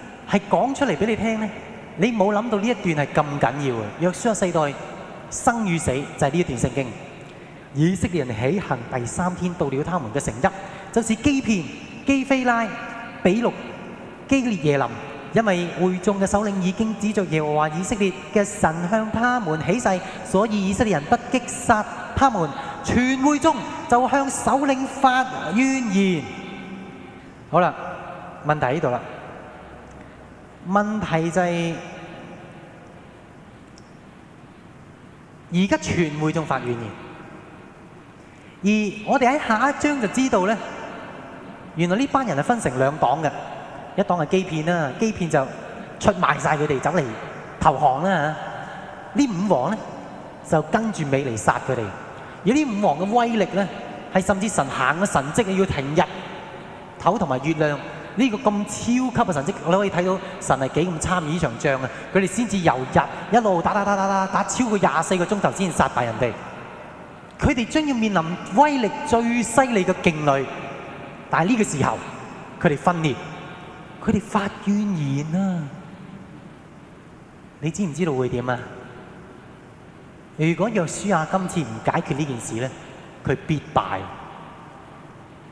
係講出嚟俾你聽咧，你冇諗到呢一段係咁緊要嘅。約書亞世代生與死就係呢一段聖經。以色列人起行第三天到了他們嘅城邑，就是基遍、基非拉、比錄、基列耶琳，因為會眾嘅首領已經指着耶和華以色列嘅神向他們起誓，所以以色列人不擊殺他們，全會眾就向首領發怨言。好啦，問題喺度啦。問題就係而家傳媒仲發怨言，而我哋喺下一章就知道呢，原來呢班人係分成兩黨嘅，一黨係基遍啦，基遍就出賣曬佢哋走嚟投降啦。呢五王呢就跟住尾嚟殺佢哋，而呢五王嘅威力呢，係甚至神行嘅神蹟要停日頭同埋月亮。呢個咁超級嘅神蹟，你可以睇到神係幾咁參與呢場仗啊！佢哋先至由日一路打打打打打，打超過廿四個鐘頭先殺敗人哋。佢哋將要面臨威力最犀利嘅勁旅，但係呢個時候佢哋分裂，佢哋發怨言啊！你知唔知道會點啊？如果約書亞今次唔解決呢件事咧，佢必敗。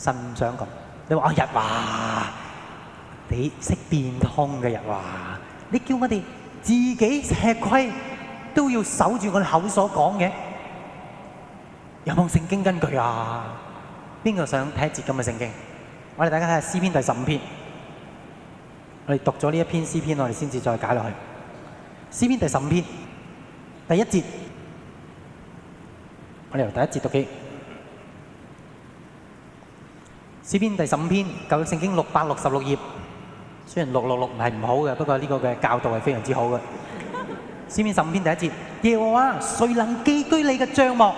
心想講，你話阿日華，你識變通嘅日華，你叫我哋自己吃虧都要守住我哋口所講嘅，有冇聖經根據啊？邊個想睇一節咁嘅聖經？我哋大家睇下詩篇第十五篇，我哋讀咗呢一篇詩篇，我哋先至再解落去。詩篇第十五篇第一節，我哋由第一節讀起。詩篇第十五篇，舊聖經六百六十六頁。雖然六六六唔係唔好嘅，不過呢個嘅教導係非常之好嘅。詩 篇十五篇第一節： 耶和華，誰能寄居你嘅帳幕？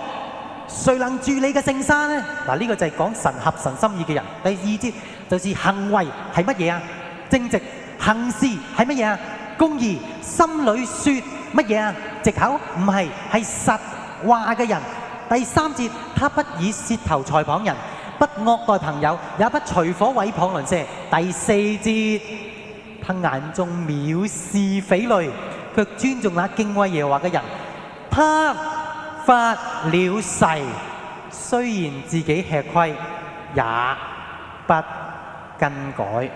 誰能住你嘅聖山呢？嗱，呢、這個就係講神合神心意嘅人。第二節就是行為係乜嘢啊？正直。行事係乜嘢啊？公義。心裡説乜嘢啊？藉口。唔係，係實話嘅人。第三節，他不以舌頭讒謗人。不惡待朋友，也不隨火毀謗鄰舍。第四節，他眼中藐視匪類，卻尊重那敬畏耶和華嘅人。他發了誓，雖然自己吃虧，也不更改。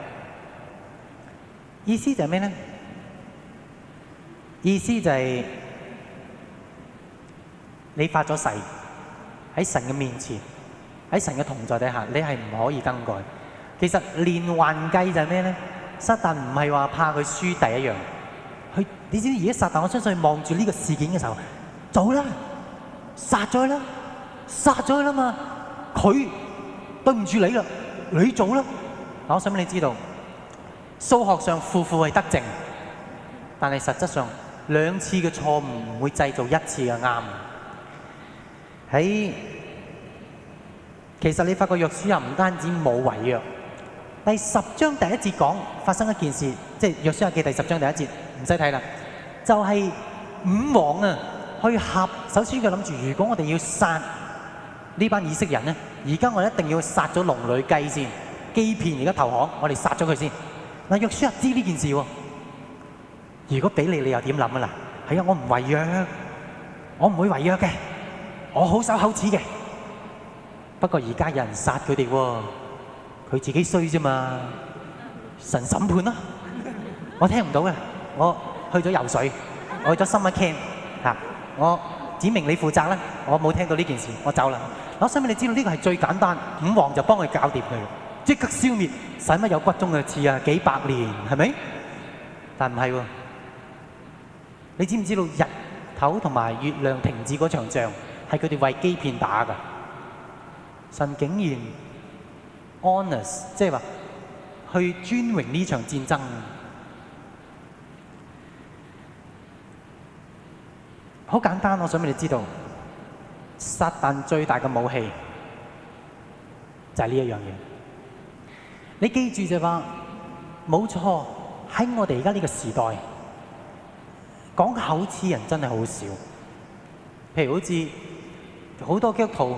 意思就係咩咧？意思就係、是、你發咗誓喺神嘅面前。喺神嘅同在底下，你係唔可以更改。其實連環計就係咩咧？撒但唔係話怕佢輸第一樣，佢你知唔知而家撒但？我相信望住呢個事件嘅時候，做啦，殺咗佢啦，殺咗佢啦嘛。佢對唔住你啦，你做啦。我想俾你知道，數學上負負係得正，但係實質上兩次嘅錯誤唔會製造一次嘅啱。喺其實你發覺約書亞唔單止冇違約。第十章第一節講發生一件事，即係約書亞記第十章第一節，唔使睇啦，就係五王啊去合，首先佢諗住如果我哋要殺呢班以色列人咧，而家我一定要殺咗龍女祭先，基遍而家投降，我哋殺咗佢先。嗱，約書亞知呢件事喎，如果俾你，你又點諗啊？嗱，係啊，我唔違約，我唔會違約嘅，我好守口齒嘅。不過而家有人殺佢哋喎，佢自己衰啫嘛，神審判咯，我聽唔到嘅，我去咗游水，我去咗 Summer Camp 吓，我指明你負責啦，我冇聽到呢件事，我走啦。我想畀你知道呢個係最簡單，五王就幫佢搞掂佢，即刻消滅，使乜有骨中嘅刺啊？幾百年係咪？但唔係喎，你知唔知道日頭同埋月亮停止嗰場仗係佢哋為基遍打㗎？神竟然 honest，即係話去尊榮呢場戰爭，好簡單。我想俾你知道，撒旦最大嘅武器就係呢一樣嘢。你記住就話，冇錯，喺我哋而家呢個時代，講口齒人真係好少。譬如好似好多基督徒。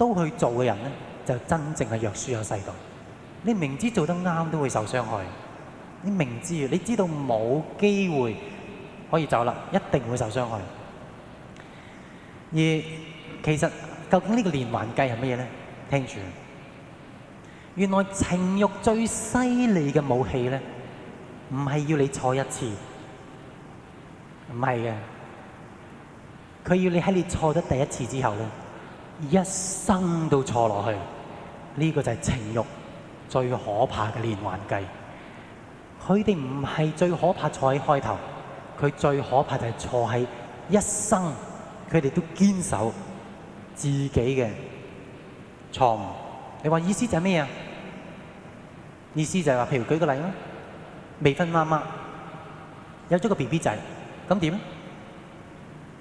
都去做嘅人呢，就真正係弱輸有世道。你明知做得啱都會受傷害，你明知你知道冇機會可以走啦，一定會受傷害。而其實究竟呢個連環計係乜嘢呢？聽住，原來情慾最犀利嘅武器呢，唔係要你錯一次，唔係嘅，佢要你喺你錯咗第一次之後呢。一生都錯落去，呢、這個就係情慾最可怕嘅連環計。佢哋唔係最可怕錯喺開頭，佢最可怕就係錯喺一生，佢哋都堅守自己嘅錯誤。你話意思就係咩啊？意思就係、是、話，譬如舉個例啦，未婚媽媽有咗個 BB 仔，咁點咧？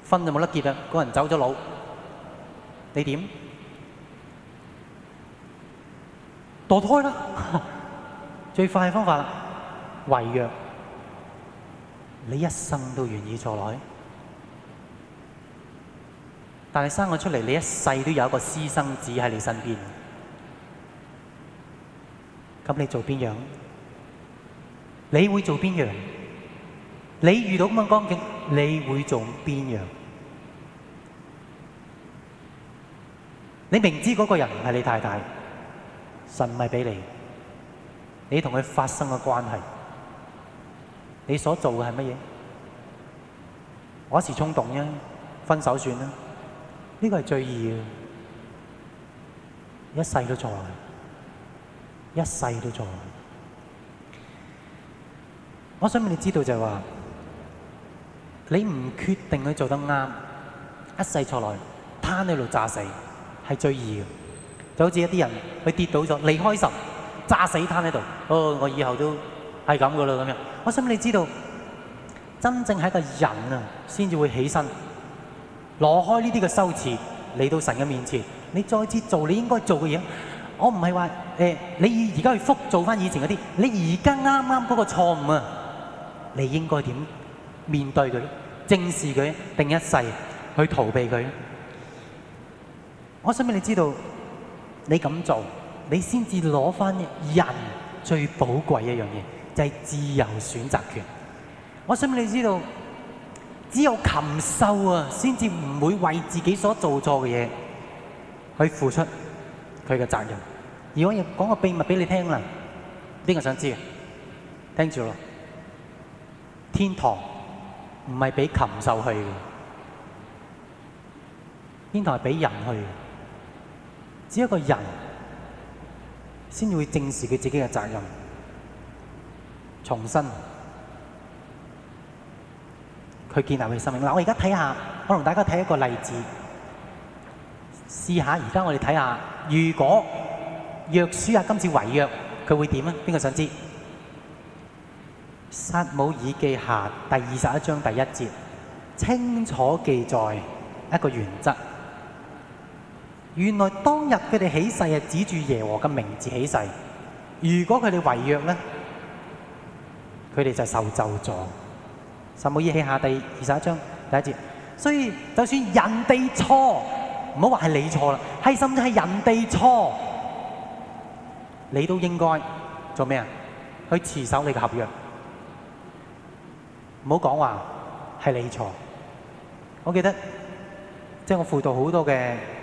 婚就冇得結啦，個人走咗佬。你點墮胎啦？最快嘅方法違約，你一生都願意坐牢，但係生我出嚟，你一世都有一個私生子喺你身邊。咁你做邊樣？你會做邊樣？你遇到咁嘅光景，你會做邊樣？你明知嗰個人唔係你太太，神唔係俾你，你同佢發生嘅關係，你所做嘅係乜嘢？我一時衝動、啊、分手算啦，呢個係最易啊，一世都錯啊，一世都錯啊！我想俾你知道就是話，你唔決定去做得啱，一世錯來，攤喺度炸死。係最易嘅，就好似一啲人佢跌倒咗，離開神，扎死癱喺度。哦，我以後都係咁噶啦咁樣。我想你知道，真正係個人啊，先至會起身，攞開呢啲嘅羞恥，嚟到神嘅面前。你再次做你應該做嘅嘢。我唔係話誒，你而家去復做翻以前嗰啲。你而家啱啱嗰個錯誤啊，你應該點、呃、面對佢？正視佢定一世去逃避佢？我想俾你知道，你咁做，你先至攞翻人最寶貴一樣嘢，就係自由選擇權。我想俾你知道，只有禽獸啊，先至唔會為自己所做錯嘅嘢去付出佢嘅責任。如果要講個秘密俾你聽啦，邊個想知？聽住咯，天堂唔係俾禽獸去嘅，天堂係俾人去嘅。只有一個人先會正視佢自己嘅責任，重新佢建立佢生命。我而家睇下，我同大家睇一個例子，試下而家我哋睇下，如果約書亞今次違約，他會怎樣呢，佢會點啊？邊個想知？撒母耳記下第二十一章第一節清楚記載一個原則。原來當日佢哋起誓係指住耶和嘅名字起誓，如果佢哋違約咧，佢哋就受咒咗。撒母耳記下第二十一章第一節，所以就算人哋錯，唔好話係你錯啦，係甚至係人哋錯，你都應該做咩啊？去持守你嘅合約，唔好講話係你錯。我記得即係、就是、我輔導好多嘅。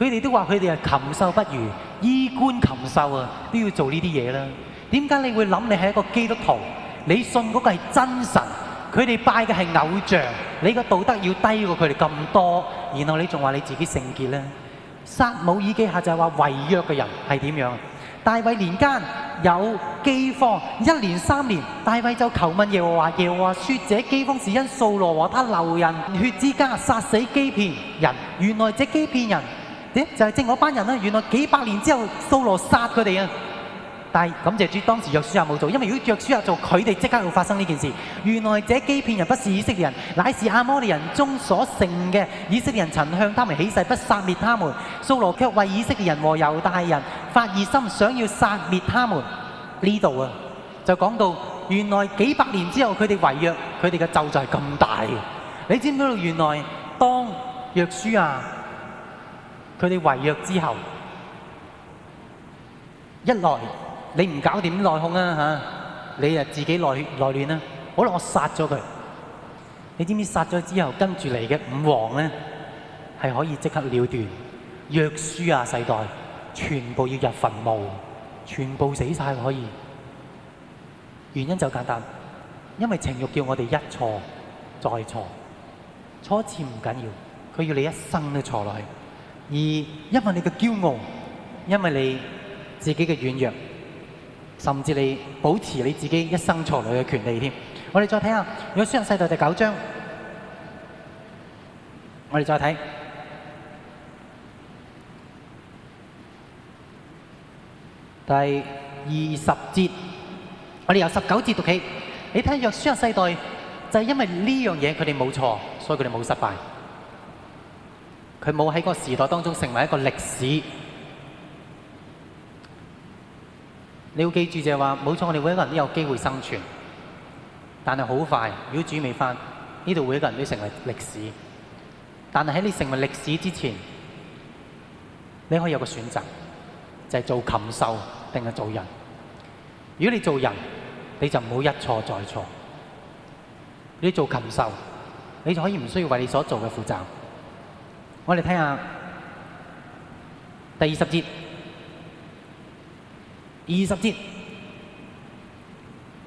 佢哋都話：佢哋係禽獸不如，衣冠禽獸啊，都要做呢啲嘢啦。點解你會諗你係一個基督徒？你信嗰個係真神，佢哋拜嘅係偶像。你個道德要低過佢哋咁多，然後你仲話你自己聖潔咧？撒母耳記下就係話違約嘅人係點樣？大衛年間有饑荒，一連三年，大衛就求問耶和華。耶和華説：這饑荒是因掃羅和他流人血之家殺死基遍人。原來這基遍人。咦？就係、是、正我班人啦、啊！原來幾百年之後，蘇羅殺佢哋啊！但係感謝主，當時約書亞冇做，因為如果約書亞做，佢哋即刻會發生呢件事。原來這欺騙人不是以色列人，乃是阿摩利人中所剩嘅以色列人。曾向他們起誓，不殺滅他們。蘇羅卻為以色列人和猶大人發熱心，想要殺滅他們。呢度啊，就講到原來幾百年之後，佢哋違約，佢哋嘅咒就係咁大，你知唔知道？原來當約書亞。佢哋違約之後，一來你唔搞點內控啊，你自己內血內亂啦，可能我殺咗佢，你知唔知殺咗之後跟住嚟嘅五王呢？係可以即刻了斷，約書亞世代全部要入墳墓，全部死晒可以。原因就簡單，因為情慾叫我哋一錯再錯，初次唔緊要，佢要你一生都錯落去。而因為你嘅驕傲，因為你自己嘅軟弱，甚至你保持你自己一生錯落嘅權利添。我哋再睇下《約書亞世代》第九章，我哋再睇第二十節。我哋由十九節讀起，你睇《約書亞世代》，就係因為呢樣嘢，佢哋冇錯，所以佢哋冇失敗。佢冇喺個時代當中成為一個歷史，你要記住就係話，冇錯，我哋每一個人都有機會生存，但係好快，如果主未返，呢度每一個人都成為歷史。但係喺你成為歷史之前，你可以有個選擇，就係做禽獸定係做人。如果你做人，你就唔好一錯再錯；你做禽獸，你就可以唔需要為你所做嘅負責。我哋睇下第二十節，二十節，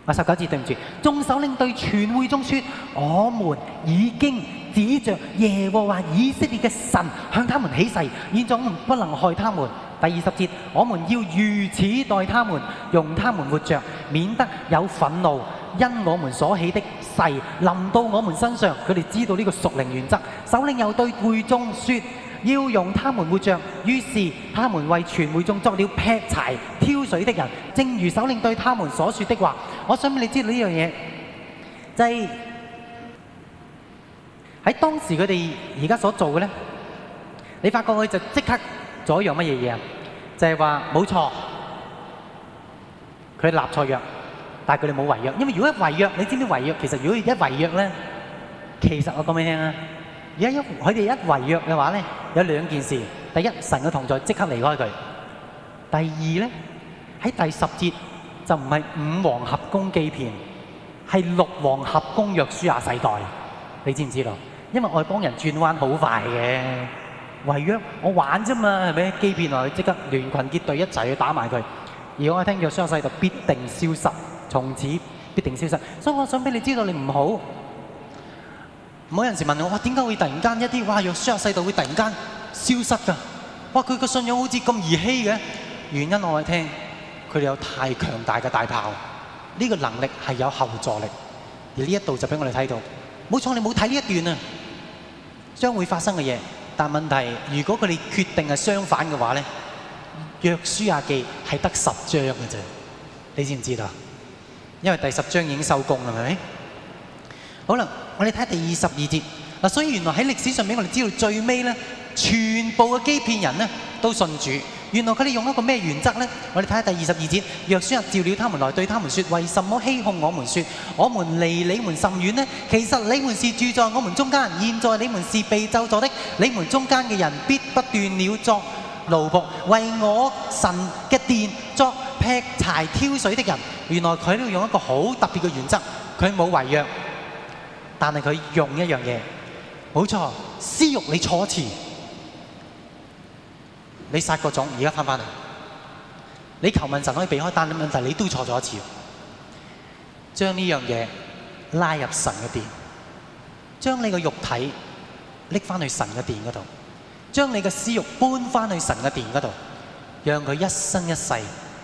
啊十九節，對唔住。眾首領對全會眾說：我們已經指着耶和華以色列嘅神向他們起誓，現在我們不能害他們。第二十節，我們要如此待他們，容他們活着，免得有憤怒，因我們所起的。嚟臨到我們身上，佢哋知道呢個屬靈原則。首領又對會眾説：要容他們活著。於是他們為全會眾作了劈柴、挑水的人，正如首領對他們所説的話。我想畀你知道呢樣嘢？就係喺當時佢哋而家所做嘅呢。」你發覺佢就即刻做一樣乜嘢嘢啊？就係話冇錯，佢立錯約。但係佢哋冇違約，因為如果一違約，你知唔知違約？其實如果一違約咧，其實我講俾你聽啊！而家一佢哋一違約嘅話咧，有兩件事：第一，神嘅同在即刻離開佢；第二咧，喺第十節就唔係五王合攻基遍，係六王合攻約書亞世代。你知唔知道？因為外邦人轉彎好快嘅違約，我玩啫嘛，係咪？基遍我即刻聯群結隊一齊去打埋佢。而我聽約書亞世代就必定消失。從此必定消失，所以我想俾你知道你唔好。唔好有陣時問我，哇點解會突然間一啲哇約書亞世道會突然間消失㗎？哇佢個信仰好似咁兒戲嘅原因我，我話聽佢哋有太強大嘅大炮，呢、呢個能力係有後座力，而呢一度就俾我哋睇到。冇錯，你冇睇呢一段啊，將會發生嘅嘢。但問題，如果佢哋決定係相反嘅話咧，約書亞記係得十章嘅啫，你知唔知道？因為第十章已經收工啦，係咪？好啦，我哋睇第二十二節。啊，所以原來喺歷史上面，我哋知道最尾呢，全部嘅欺騙人呢都信主。原來佢哋用一個咩原則呢？我哋睇第二十二節。約書亞召了他們來，對他們說：為什麼欺哄我們說？說我們離你們甚遠呢？其實你們是住在我們中間。現在你們是被咒詛的。你們中間嘅人必不斷了作。勞僕為我神嘅殿作劈柴挑水的人。原來佢都要用一個好特別嘅原則，佢冇違約，但係佢用一樣嘢，冇錯，私慾，你錯一次，你殺個種而家翻翻嚟，你求問神可以避開，但係問題你都錯咗一次，將呢樣嘢拉入神嘅殿，將你個肉體拎翻去神嘅殿嗰度。將你嘅私慾搬翻去神嘅殿嗰度，讓佢一生一世，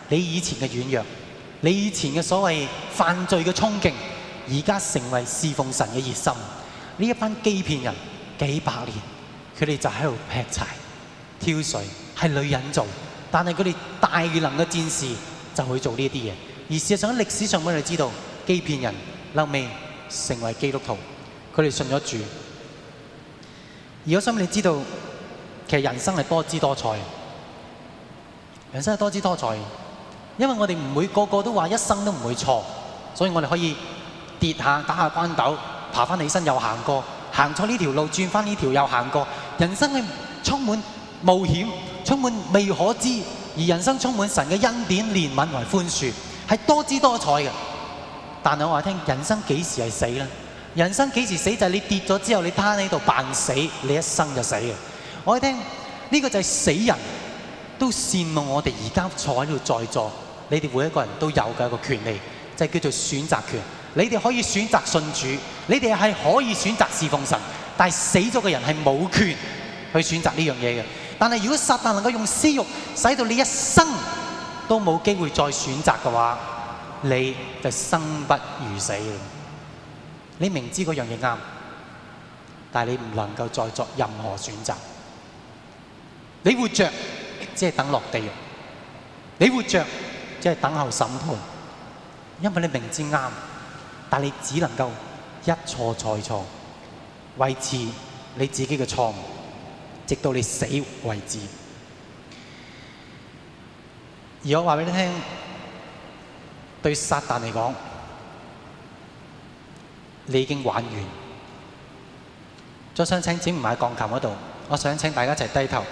你以前嘅軟弱，你以前嘅所謂犯罪嘅衝勁，而家成為侍奉神嘅熱心。呢一班基遍人幾百年，佢哋就喺度劈柴、挑水，係女人做，但係佢哋大能嘅戰士就會做呢一啲嘢。而事實上喺歷史上邊，你知道基遍人，立命成為基督徒，佢哋信咗主。而我想你知道。其實人生係多姿多彩嘅，人生係多姿多彩嘅，因為我哋唔會個個都話一生都唔會錯，所以我哋可以跌下打下關鬥，爬翻起身又行過，行錯呢條路轉返呢條又行過。人生係充滿冒險，充滿未可知，而人生充滿神嘅恩典、憐憫同埋寬恕，係多姿多彩嘅。但係我話聽，人生幾時係死呢？人生幾時死就係你跌咗之後，你攤喺度扮死，你一生就死了。我聽呢個就係死人都羨慕我哋而家坐喺度在座，你哋每一個人都有嘅一個權利，就係叫做選擇權。你哋可以選擇信主，你哋係可以選擇侍奉神，但係死咗嘅人係冇權去選擇呢樣嘢嘅。但係如果撒旦能夠用私慾，使到你一生都冇機會再選擇嘅話，你就生不如死。你明知嗰樣嘢啱，但係你唔能夠再作任何選擇。你活着只係等落地，你活着只係等候審判，因為你明知啱，但你只能夠一錯再錯，維持你自己嘅錯誤，直到你死為止。而我話俾你聽，對撒旦嚟講你已經玩完了。再想請，只唔喺鋼琴嗰度，我想請大家一齊低頭。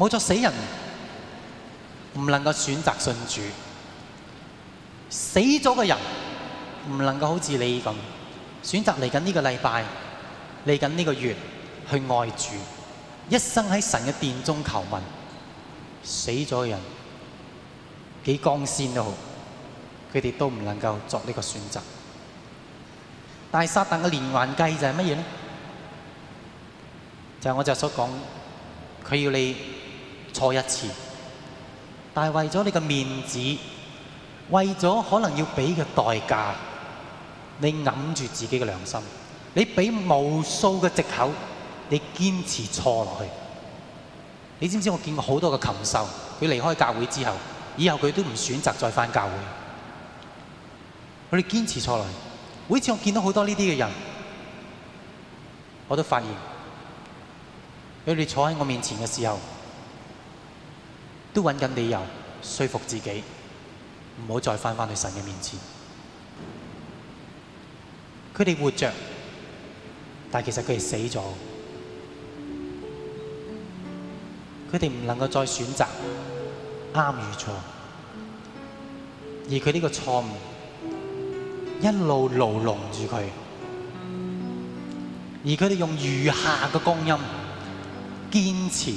冇咗死人，唔能夠選擇信主。死咗嘅人唔能夠好似你咁選擇嚟緊呢個禮拜、嚟緊呢個月去愛主，一生喺神嘅殿中求問。死咗嘅人幾光鮮都好，佢哋都唔能夠作呢個選擇。但係撒但嘅連環計就係乜嘢咧？就是、我就說講，佢要你。錯一次，但係為咗你嘅面子，為咗可能要俾嘅代價，你揞住自己嘅良心，你俾無數嘅借口，你堅持錯落去。你知唔知？我見過好多嘅禽獸，佢離開教會之後，以後佢都唔選擇再翻教會，佢哋堅持錯落去。每次我見到好多呢啲嘅人，我都發現，佢哋坐喺我面前嘅時候。都揾緊理由，説服自己，唔好再翻返去神嘅面前。佢哋活着，但係其實佢哋死咗。佢哋唔能夠再選擇啱與錯，而佢呢個錯誤一路牢籠住佢，而佢哋用餘下嘅光陰堅持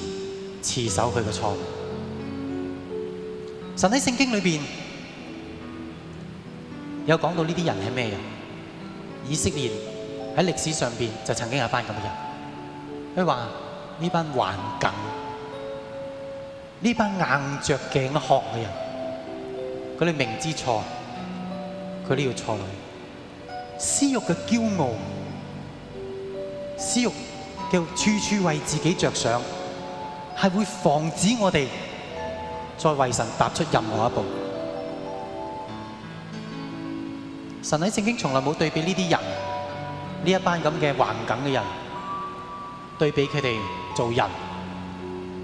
持守佢嘅錯誤。神喺聖經裏面有講到呢啲人係咩人？以色列喺歷史上就曾經有班咁嘅人。佢話呢班頑梗，呢班硬着頸學嘅人，佢哋明知錯，佢哋要錯落。私欲嘅驕傲，私欲嘅處處為自己着想，係會防止我哋，再為神踏出任何一步，神喺聖經從來冇對比呢啲人，呢一班咁嘅環境嘅人對比佢哋做人，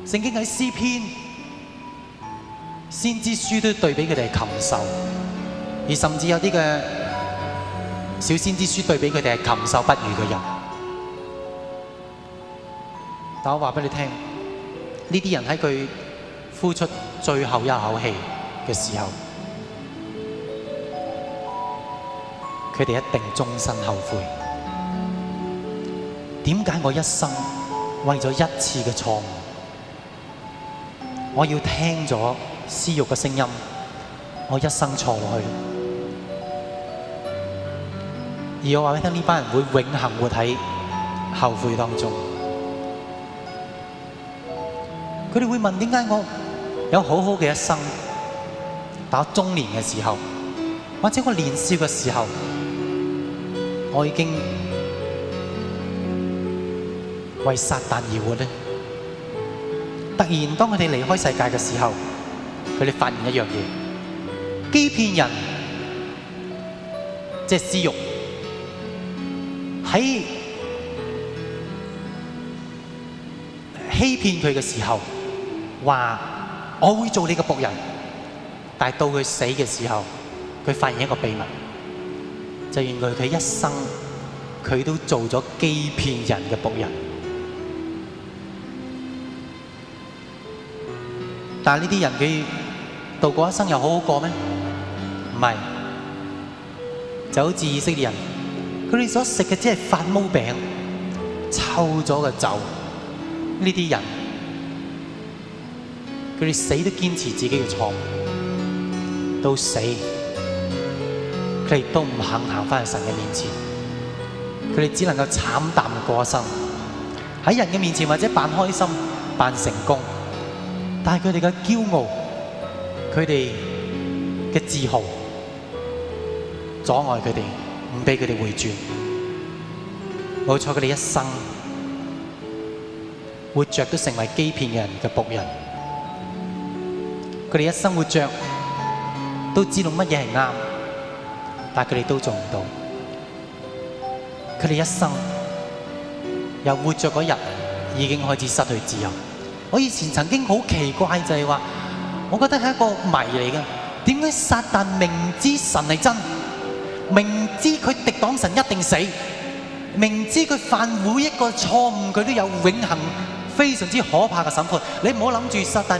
聖經喺詩篇、先知書都對比佢哋禽獸，而甚至有啲嘅小先知書對比佢哋係禽獸不如嘅人。但我話俾你聽，呢啲人喺佢付出，最後一口氣嘅時候，佢哋一定終身後悔。點解我一生為咗一次嘅錯誤，我要聽咗私慾嘅聲音，我一生錯落去，而我話俾你聽，呢班人會永恆活喺後悔當中。佢哋會問點解我？有好好嘅一生，打中年嘅時候，或者我年少嘅時候，我已經為撒旦而活咧。突然，當佢哋離開世界嘅時候，佢哋發現一樣嘢：欺騙人即係私慾。喺欺騙佢嘅時候話，我會做你的僕人，但是到他死的時候，他發現一個秘密，就原來他一生他都做了欺騙人的僕人。但是這些人嘅度過一生有好好過咩？不是，就好似以色列人，他們所吃的只是發毛餅、臭了的酒，這些人。佢哋死都堅持自己嘅錯誤，到死，佢哋都唔肯行翻去神嘅面前。佢哋只能夠慘淡過一生，喺人嘅面前或者扮開心、扮成功。但係佢哋嘅驕傲、佢哋嘅自豪，阻礙佢哋唔俾佢哋回轉。冇錯，佢哋一生活著都成為欺騙人嘅僕人。佢哋一生活着都知道乜嘢係啱，但係佢哋都做唔到。佢哋一生由活着嗰日，已經開始失去自由。我以前曾經好奇怪就係話，我覺得係一個謎嚟嘅。點解撒旦明知神係真，明知佢敵擋神一定死，明知佢犯每一個錯誤佢都有永恒非常之可怕嘅審判？你唔好諗住撒旦。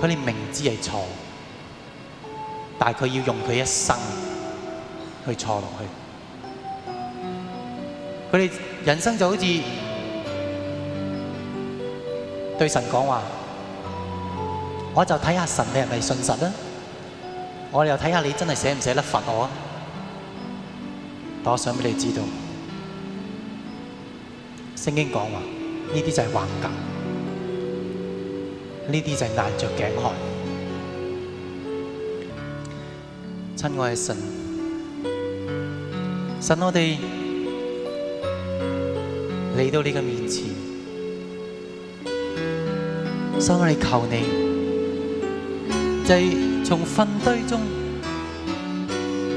佢哋明知係錯，但係佢要用佢一生去錯落去。佢哋人生就好似對神講話，我就睇下神你係咪信實啊！我哋又睇下你真係捨唔捨得罰我啊！但係我想俾你知道，聖經講話呢啲就係幻覺。呢啲就係硬著頸項。親愛嘅神，神我哋嚟到你嘅面前，神我哋求你，就係從糞堆中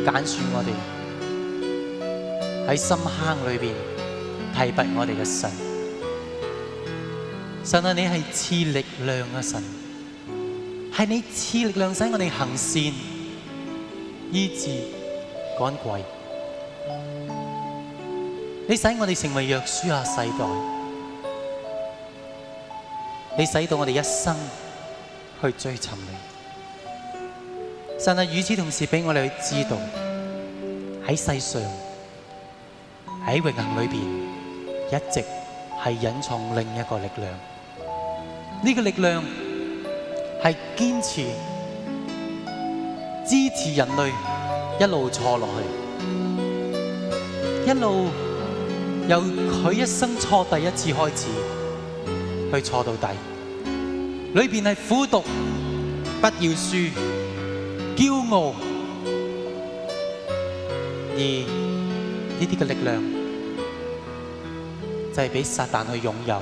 揀選我哋，喺深坑裏面提拔我哋嘅神。神啊，你是賜力量嘅神，是你賜力量使我哋行善、醫治、趕鬼，你使我哋成為約書亞世代，你使到我哋一生去追尋你。神啊，與此同時俾我哋去知道喺世上喺永恆裏邊，一直係隱藏另一個力量。呢個力量係堅持支持人類一路錯落去，一路由佢一生錯第一次開始去錯到底，裏面係苦毒不要輸，驕傲，而呢啲嘅力量就係俾撒旦去擁有。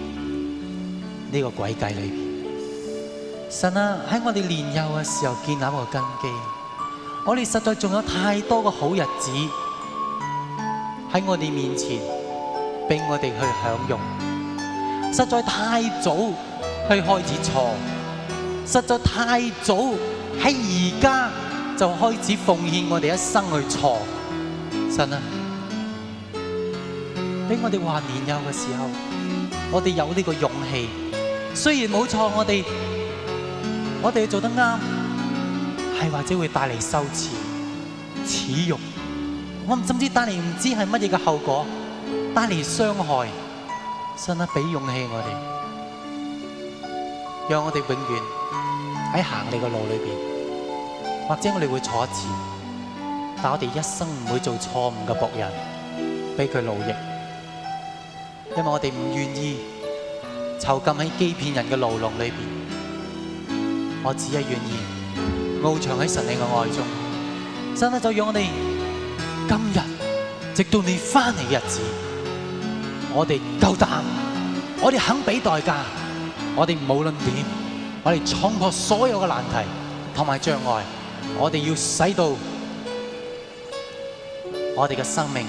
呢個詭計裏面神啊，喺我哋年幼嘅時候建立個根基。我哋實在仲有太多個好日子喺我哋面前，俾我哋去享用。實在太早去開始錯，實在太早喺而家就開始奉獻我哋一生去錯。神啊，俾我哋話年幼嘅時候，我哋有呢個勇氣。雖然冇錯，我哋我哋做得啱，係或者會帶嚟羞恥、恥辱，我唔甚至帶嚟唔知係乜嘢嘅後果，帶嚟傷害。神啊，俾勇氣我哋，讓我哋永遠喺行你嘅路裏面，或者我哋會坐牢，但我哋一生唔會做錯誤嘅僕人，俾佢奴役，因為我哋唔願意。囚禁喺欺騙人嘅牢籠裏邊，我只係願意翱翔喺神你嘅愛中。神啊，就讓我哋今日，直到你翻嚟嘅日子，我哋夠膽，我哋肯俾代價，我哋無論點，我哋闖破所有嘅難題同埋障礙，我哋要使到我哋嘅生命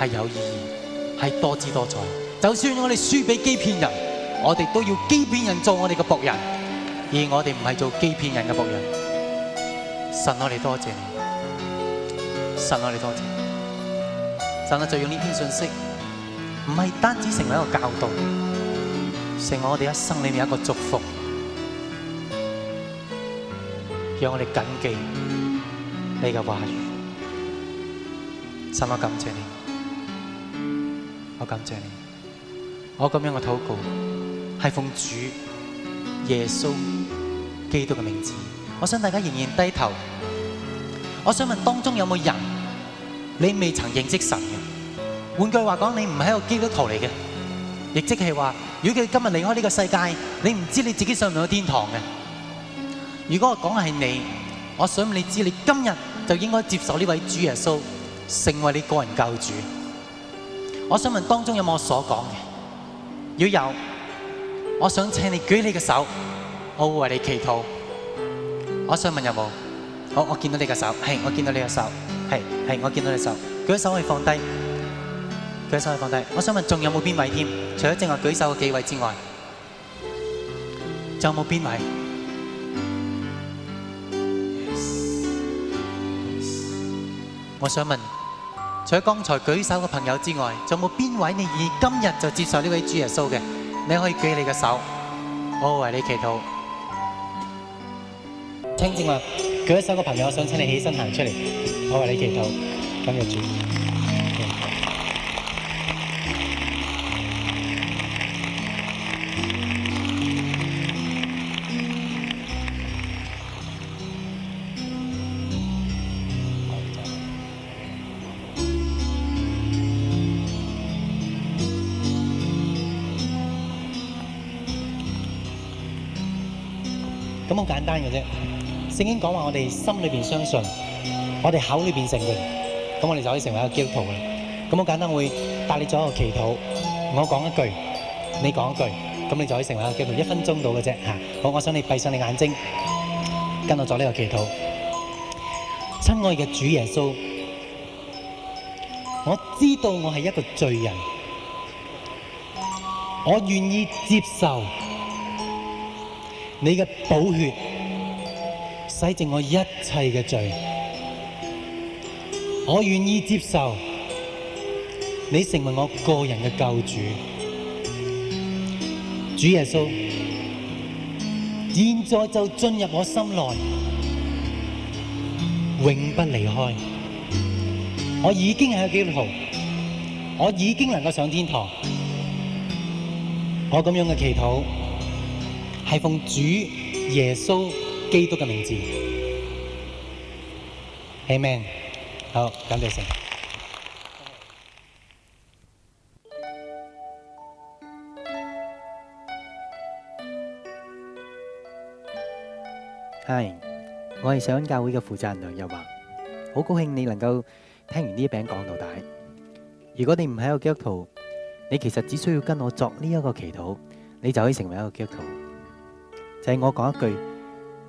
係有意義，係多姿多彩。就算我哋輸俾欺騙人。我哋都要欺騙人做我哋嘅僕人，而我哋唔係做欺騙人嘅僕人。神，我哋多謝你，神，我哋多謝。神啊，就用呢篇信息，唔係單止成為一個教導，成為我哋一生裏面一個祝福，讓我哋謹記你嘅話語。神啊，我感謝你，我感謝你，我咁樣嘅禱告。係奉主耶穌基督嘅名字，我想大家仍然低頭。我想問當中有冇人你未曾認識神嘅？換句話講，你唔係個基督徒嚟嘅，亦即係話，如果佢今日離開呢個世界，你唔知你自己上唔上天堂嘅。如果我講係你，我想問你知，你今日就應該接受呢位主耶穌成為你個人救主。我想問當中有冇我所講嘅？如果有。我想請你舉你嘅手，我會為你祈禱。我想問有冇？我我見到你嘅手，係我見到你嘅手，係係我見到你嘅手。舉手可以放低，舉手可以放低。我想問仲有冇邊位添？除咗正話舉手嘅幾位之外，仲有冇邊位？我想問，除咗剛才舉手嘅朋友之外，仲有冇邊位你以今日就接受呢位主耶穌嘅？你可以舉你嘅手，我為你祈禱。聽住話，舉手嘅朋友，我想請你起身行出嚟，我為你祈禱，今日主。正經講話，我哋心裏邊相信，我哋口裏邊承認，咁我哋就可以成為一個基督徒啦。咁好簡單，我會帶你做一個祈禱，我講一句，你講一句，咁你就可以成為一個基督徒。一分鐘到嘅啫嚇。好，我想你閉上你眼睛，跟我做呢個祈禱。親愛嘅主耶穌，我知道我係一個罪人，我願意接受你嘅寶血。洗淨我一切嘅罪，我願意接受你成為我個人嘅救主。主耶穌，現在就進入我心內，永不離開。我已經係基督徒，我已經能夠上天堂。我咁樣嘅祈禱，係奉主耶穌基督嘅名字，Amen，好，感謝神。係，我係上恩教會嘅負責人梁日華，好高興你能夠聽完呢一餅講到底。如果你唔係一個基督徒，你其實只需要跟我作呢一個祈禱，你就可以成為一個基督徒。就係我講一句。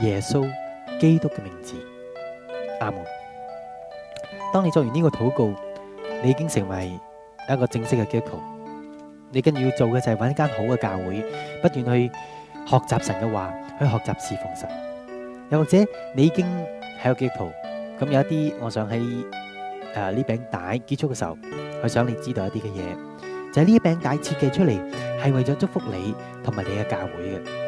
耶穌基督嘅名字，阿門。當你做完呢個禱告，你已經成為一個正式嘅基督徒。你跟住要做嘅就係揾一間好嘅教會，不斷去學習神嘅話，去學習侍奉神。又或者你已經係一個基督徒，咁有一啲，我想喺誒呢餅帶結束嘅時候，我想你知道一啲嘅嘢，就係呢一餅帶設計出嚟係為咗祝福你同埋你嘅教會嘅。